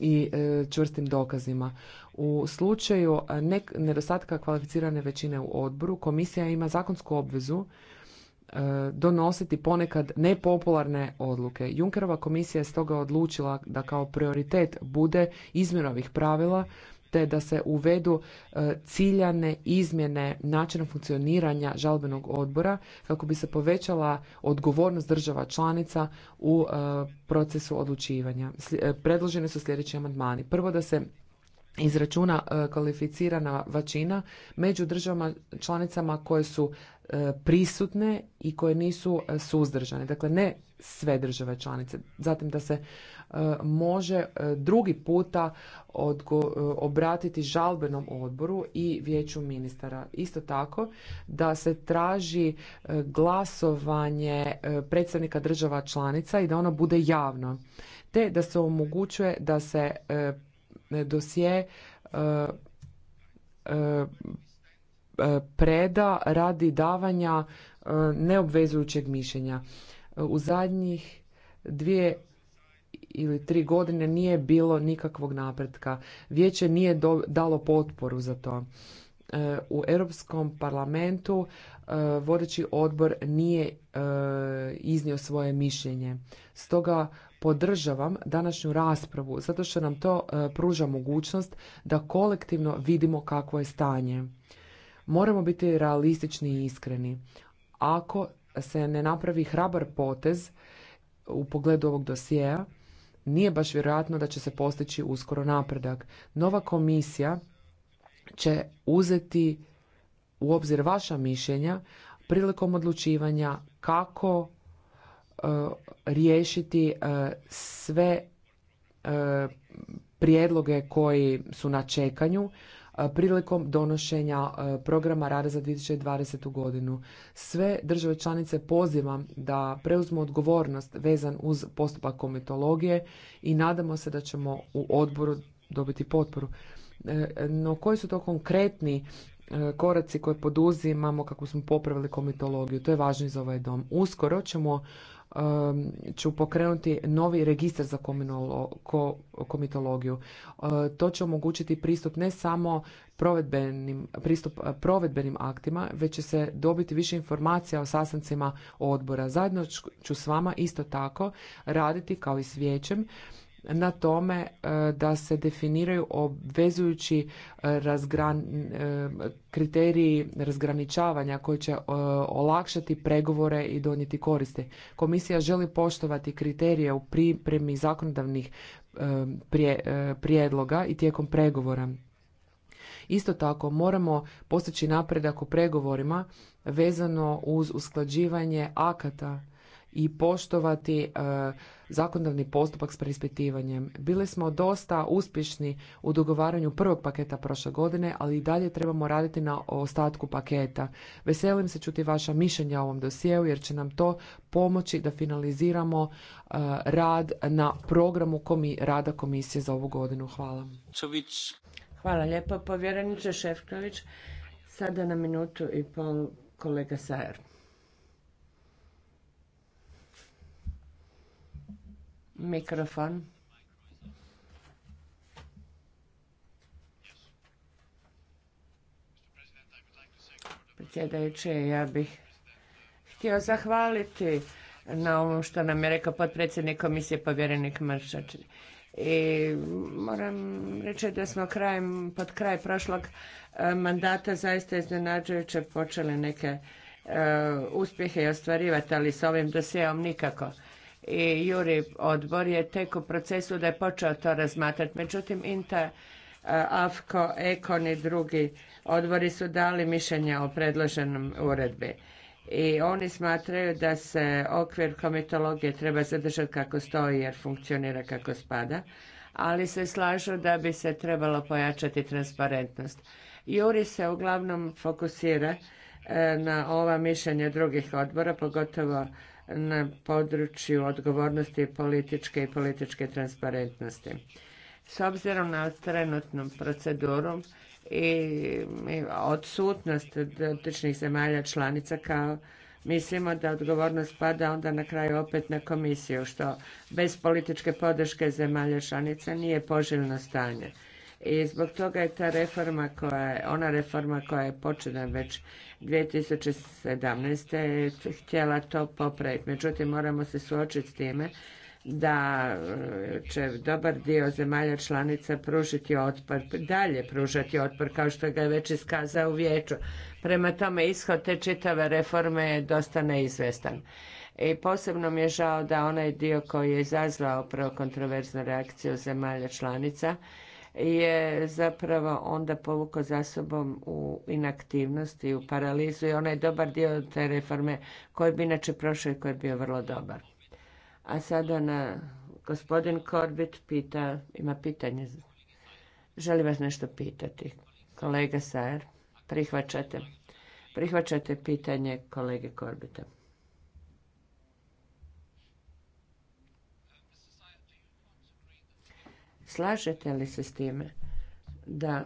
i e, čvrstim dokazima. U slučaju e, nedostatka kvalificirane većine u odboru, komisija ima zakonsku obvezu donositi ponekad nepopularne odluke. Junkerova komisija je stoga odlučila da kao prioritet bude izmjena ovih pravila te da se uvedu e, ciljane izmjene načina funkcioniranja žalbenog odbora kako bi se povećala odgovornost država članica u e, procesu odlučivanja. E, predloženi su sljedeći amandmani. Prvo da se izračuna e, kvalificirana vačina među državama članicama koje su e, prisutne i koje nisu e, suzdržane. Dakle, ne sve države članice. Zatim da se može drugi puta obratiti žalbenom odboru i vijeću ministara. Isto tako da se traži glasovanje predstavnika država članica i da ono bude javno. Te da se omogućuje da se dosje e, e, e, preda radi davanja neobvezujućeg mišljenja. U zadnjih dvije ili tri godine nije bilo nikakvog napretka. Vijeće nije dalo potporu za to. u Europskom parlamentu vodeći odbor nije iznio svoje mišljenje. Stoga podržavam današnju raspravu zato što nam to e, pruža mogućnost da kolektivno vidimo kakvo je stanje. Moramo biti realistični i iskreni. Ako se ne napravi hrabar potez u pogledu ovog dosijeja, nije baš vjerojatno da će se postići uskoro napredak. Nova komisija će uzeti u obzir vaša mišljenja prilikom odlučivanja kako E, riješiti e, sve e, prijedloge koji su na čekanju prilikom donošenja programa rada za 2020. godinu. Sve države članice pozivam da preuzmu odgovornost vezan uz postupak komitologije i nadamo se da ćemo u odboru dobiti potporu. No koji su to konkretni koraci koje poduzimamo kako smo popravili komitologiju? To je važno i za ovaj dom. Uskoro ćemo Um, ću pokrenuti novi registar za komitologiju. Uh, to će omogućiti pristup ne samo provedbenim, pristup uh, provedbenim aktima, već će se dobiti više informacija o sastancima odbora. Zajedno ću s vama isto tako raditi kao i s vijećem na tome e, da se definiraju obvezujući e, razgran, e, kriteriji razgraničavanja koji će olakšati pregovore i donijeti koriste. Komisija želi poštovati kriterije u pripremi zakonodavnih prijedloga i tijekom pregovora. Isto tako moramo postići napredak u pregovorima vezano uz usklađivanje akata i poštovati zakonodavni postupak s preispitivanjem. Bili smo dosta uspješni u dogovaranju prvog paketa prošle godine, ali i dalje trebamo raditi na ostatku paketa. Veselim se čuti vaša mišljenja o ovom dosjeu jer će nam to pomoći da finaliziramo e, rad na programu rada komisije za ovu godinu. Hvala. Hvala lijepo, povjereniče Šefković. Sada na minutu i pol kolega Sajer. Mikrofon. Predsjedajući, ja bih htio zahvaliti na ovom što nam je rekao potpredsjednik komisije povjerenik Mršač. I moram reći da smo krajem, pod kraj prošlog e, mandata zaista iznenađujuće počeli neke e, uspjehe i ostvarivati, ali s ovim dosjeom nikako i Juri odbor je tek u procesu da je počeo to razmatrati. Međutim, INTA, e, AFKO, EKON i drugi odbori su dali mišljenja o predloženom uredbi. I oni smatraju da se okvir komitologije treba zadržati kako stoji jer funkcionira kako spada, ali se slažu da bi se trebalo pojačati transparentnost. Juri se uglavnom fokusira e, na ova mišljenja drugih odbora, pogotovo na području odgovornosti političke i političke transparentnosti. S obzirom na trenutnu proceduru i odsutnost dotičnih zemalja članica kao mislimo da odgovornost pada onda na kraju opet na komisiju što bez političke podrške zemalja članica nije poželjno stanje. I zbog toga je ta reforma koja je, ona reforma koja je počela već 2017. htjela to popraviti. Međutim, moramo se suočiti s time da e, će dobar dio zemalja članica pružiti otpor, dalje pružati otpor kao što ga je već iskazao u vijeću. Prema tome ishod te čitave reforme je dosta neizvestan. I posebno mi je žao da onaj dio koji je izazvao prvo kontroverznu reakciju zemalja članica je zapravo onda povukao za sobom u inaktivnosti, u paralizu i onaj dobar dio te reforme koji bi inače prošao i koji je bio vrlo dobar. A sada na gospodin Korbit pita, ima pitanje. Želi vas nešto pitati. Kolega Sajer, prihvaćate. Prihvaćate pitanje kolege Korbita. Slažete li se s time da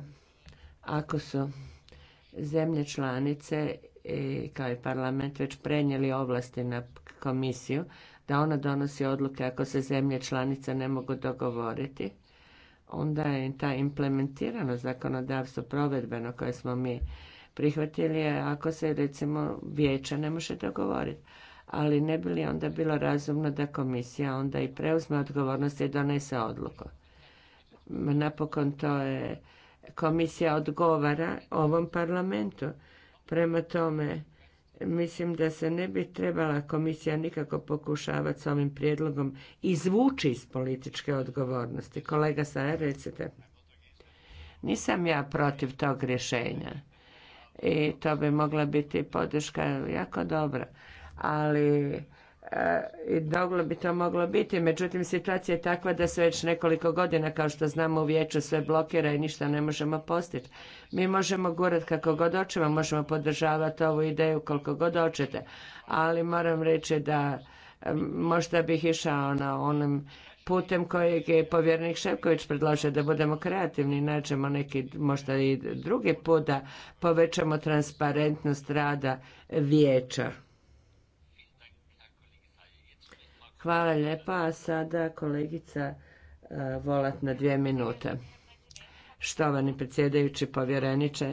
ako su zemlje članice i kao i parlament već prenijeli ovlasti na komisiju da ona donosi odluke ako se zemlje članice ne mogu dogovoriti onda je ta implementirano zakonodavstvo provedbeno koje smo mi prihvatili je ako se recimo vijeća ne može dogovoriti ali ne bi li onda bilo razumno da komisija onda i preuzme odgovornost i donese odluku napokon to je komisija odgovara ovom parlamentu. Prema tome, mislim da se ne bi trebala komisija nikako pokušavati s ovim prijedlogom izvući iz političke odgovornosti. Kolega Sajer, recite. Nisam ja protiv tog rješenja. I to bi mogla biti podrška jako dobra. Ali i doglo bi to moglo biti. Međutim, situacija je takva da se već nekoliko godina, kao što znamo, u vijeću sve blokira i ništa ne možemo postići. Mi možemo gurati kako god očemo, možemo podržavati ovu ideju koliko god hoćete, ali moram reći da možda bih išao na ono, onim putem kojeg je povjernik Šepković predložio da budemo kreativni, nađemo neki možda i drugi put da povećamo transparentnost rada vijeća. Hvala lijepa, a sada kolegica e, Volat na dvije minute. Štovani predsjedajući povjereniče,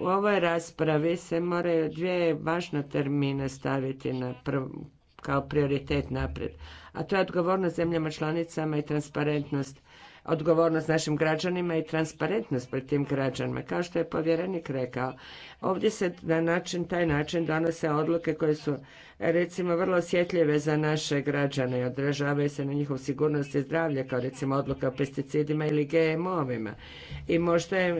u ovoj raspravi se moraju dvije važne termine staviti na prvu kao prioritet naprijed, a to je odgovornost zemljama članicama i transparentnost odgovornost našim građanima i transparentnost pred tim građanima. Kao što je povjerenik rekao, ovdje se na način, taj način donose odluke koje su recimo vrlo osjetljive za naše građane i odražavaju se na njihovu sigurnost i zdravlje, kao recimo odluka o pesticidima ili GMO-ovima. I možda je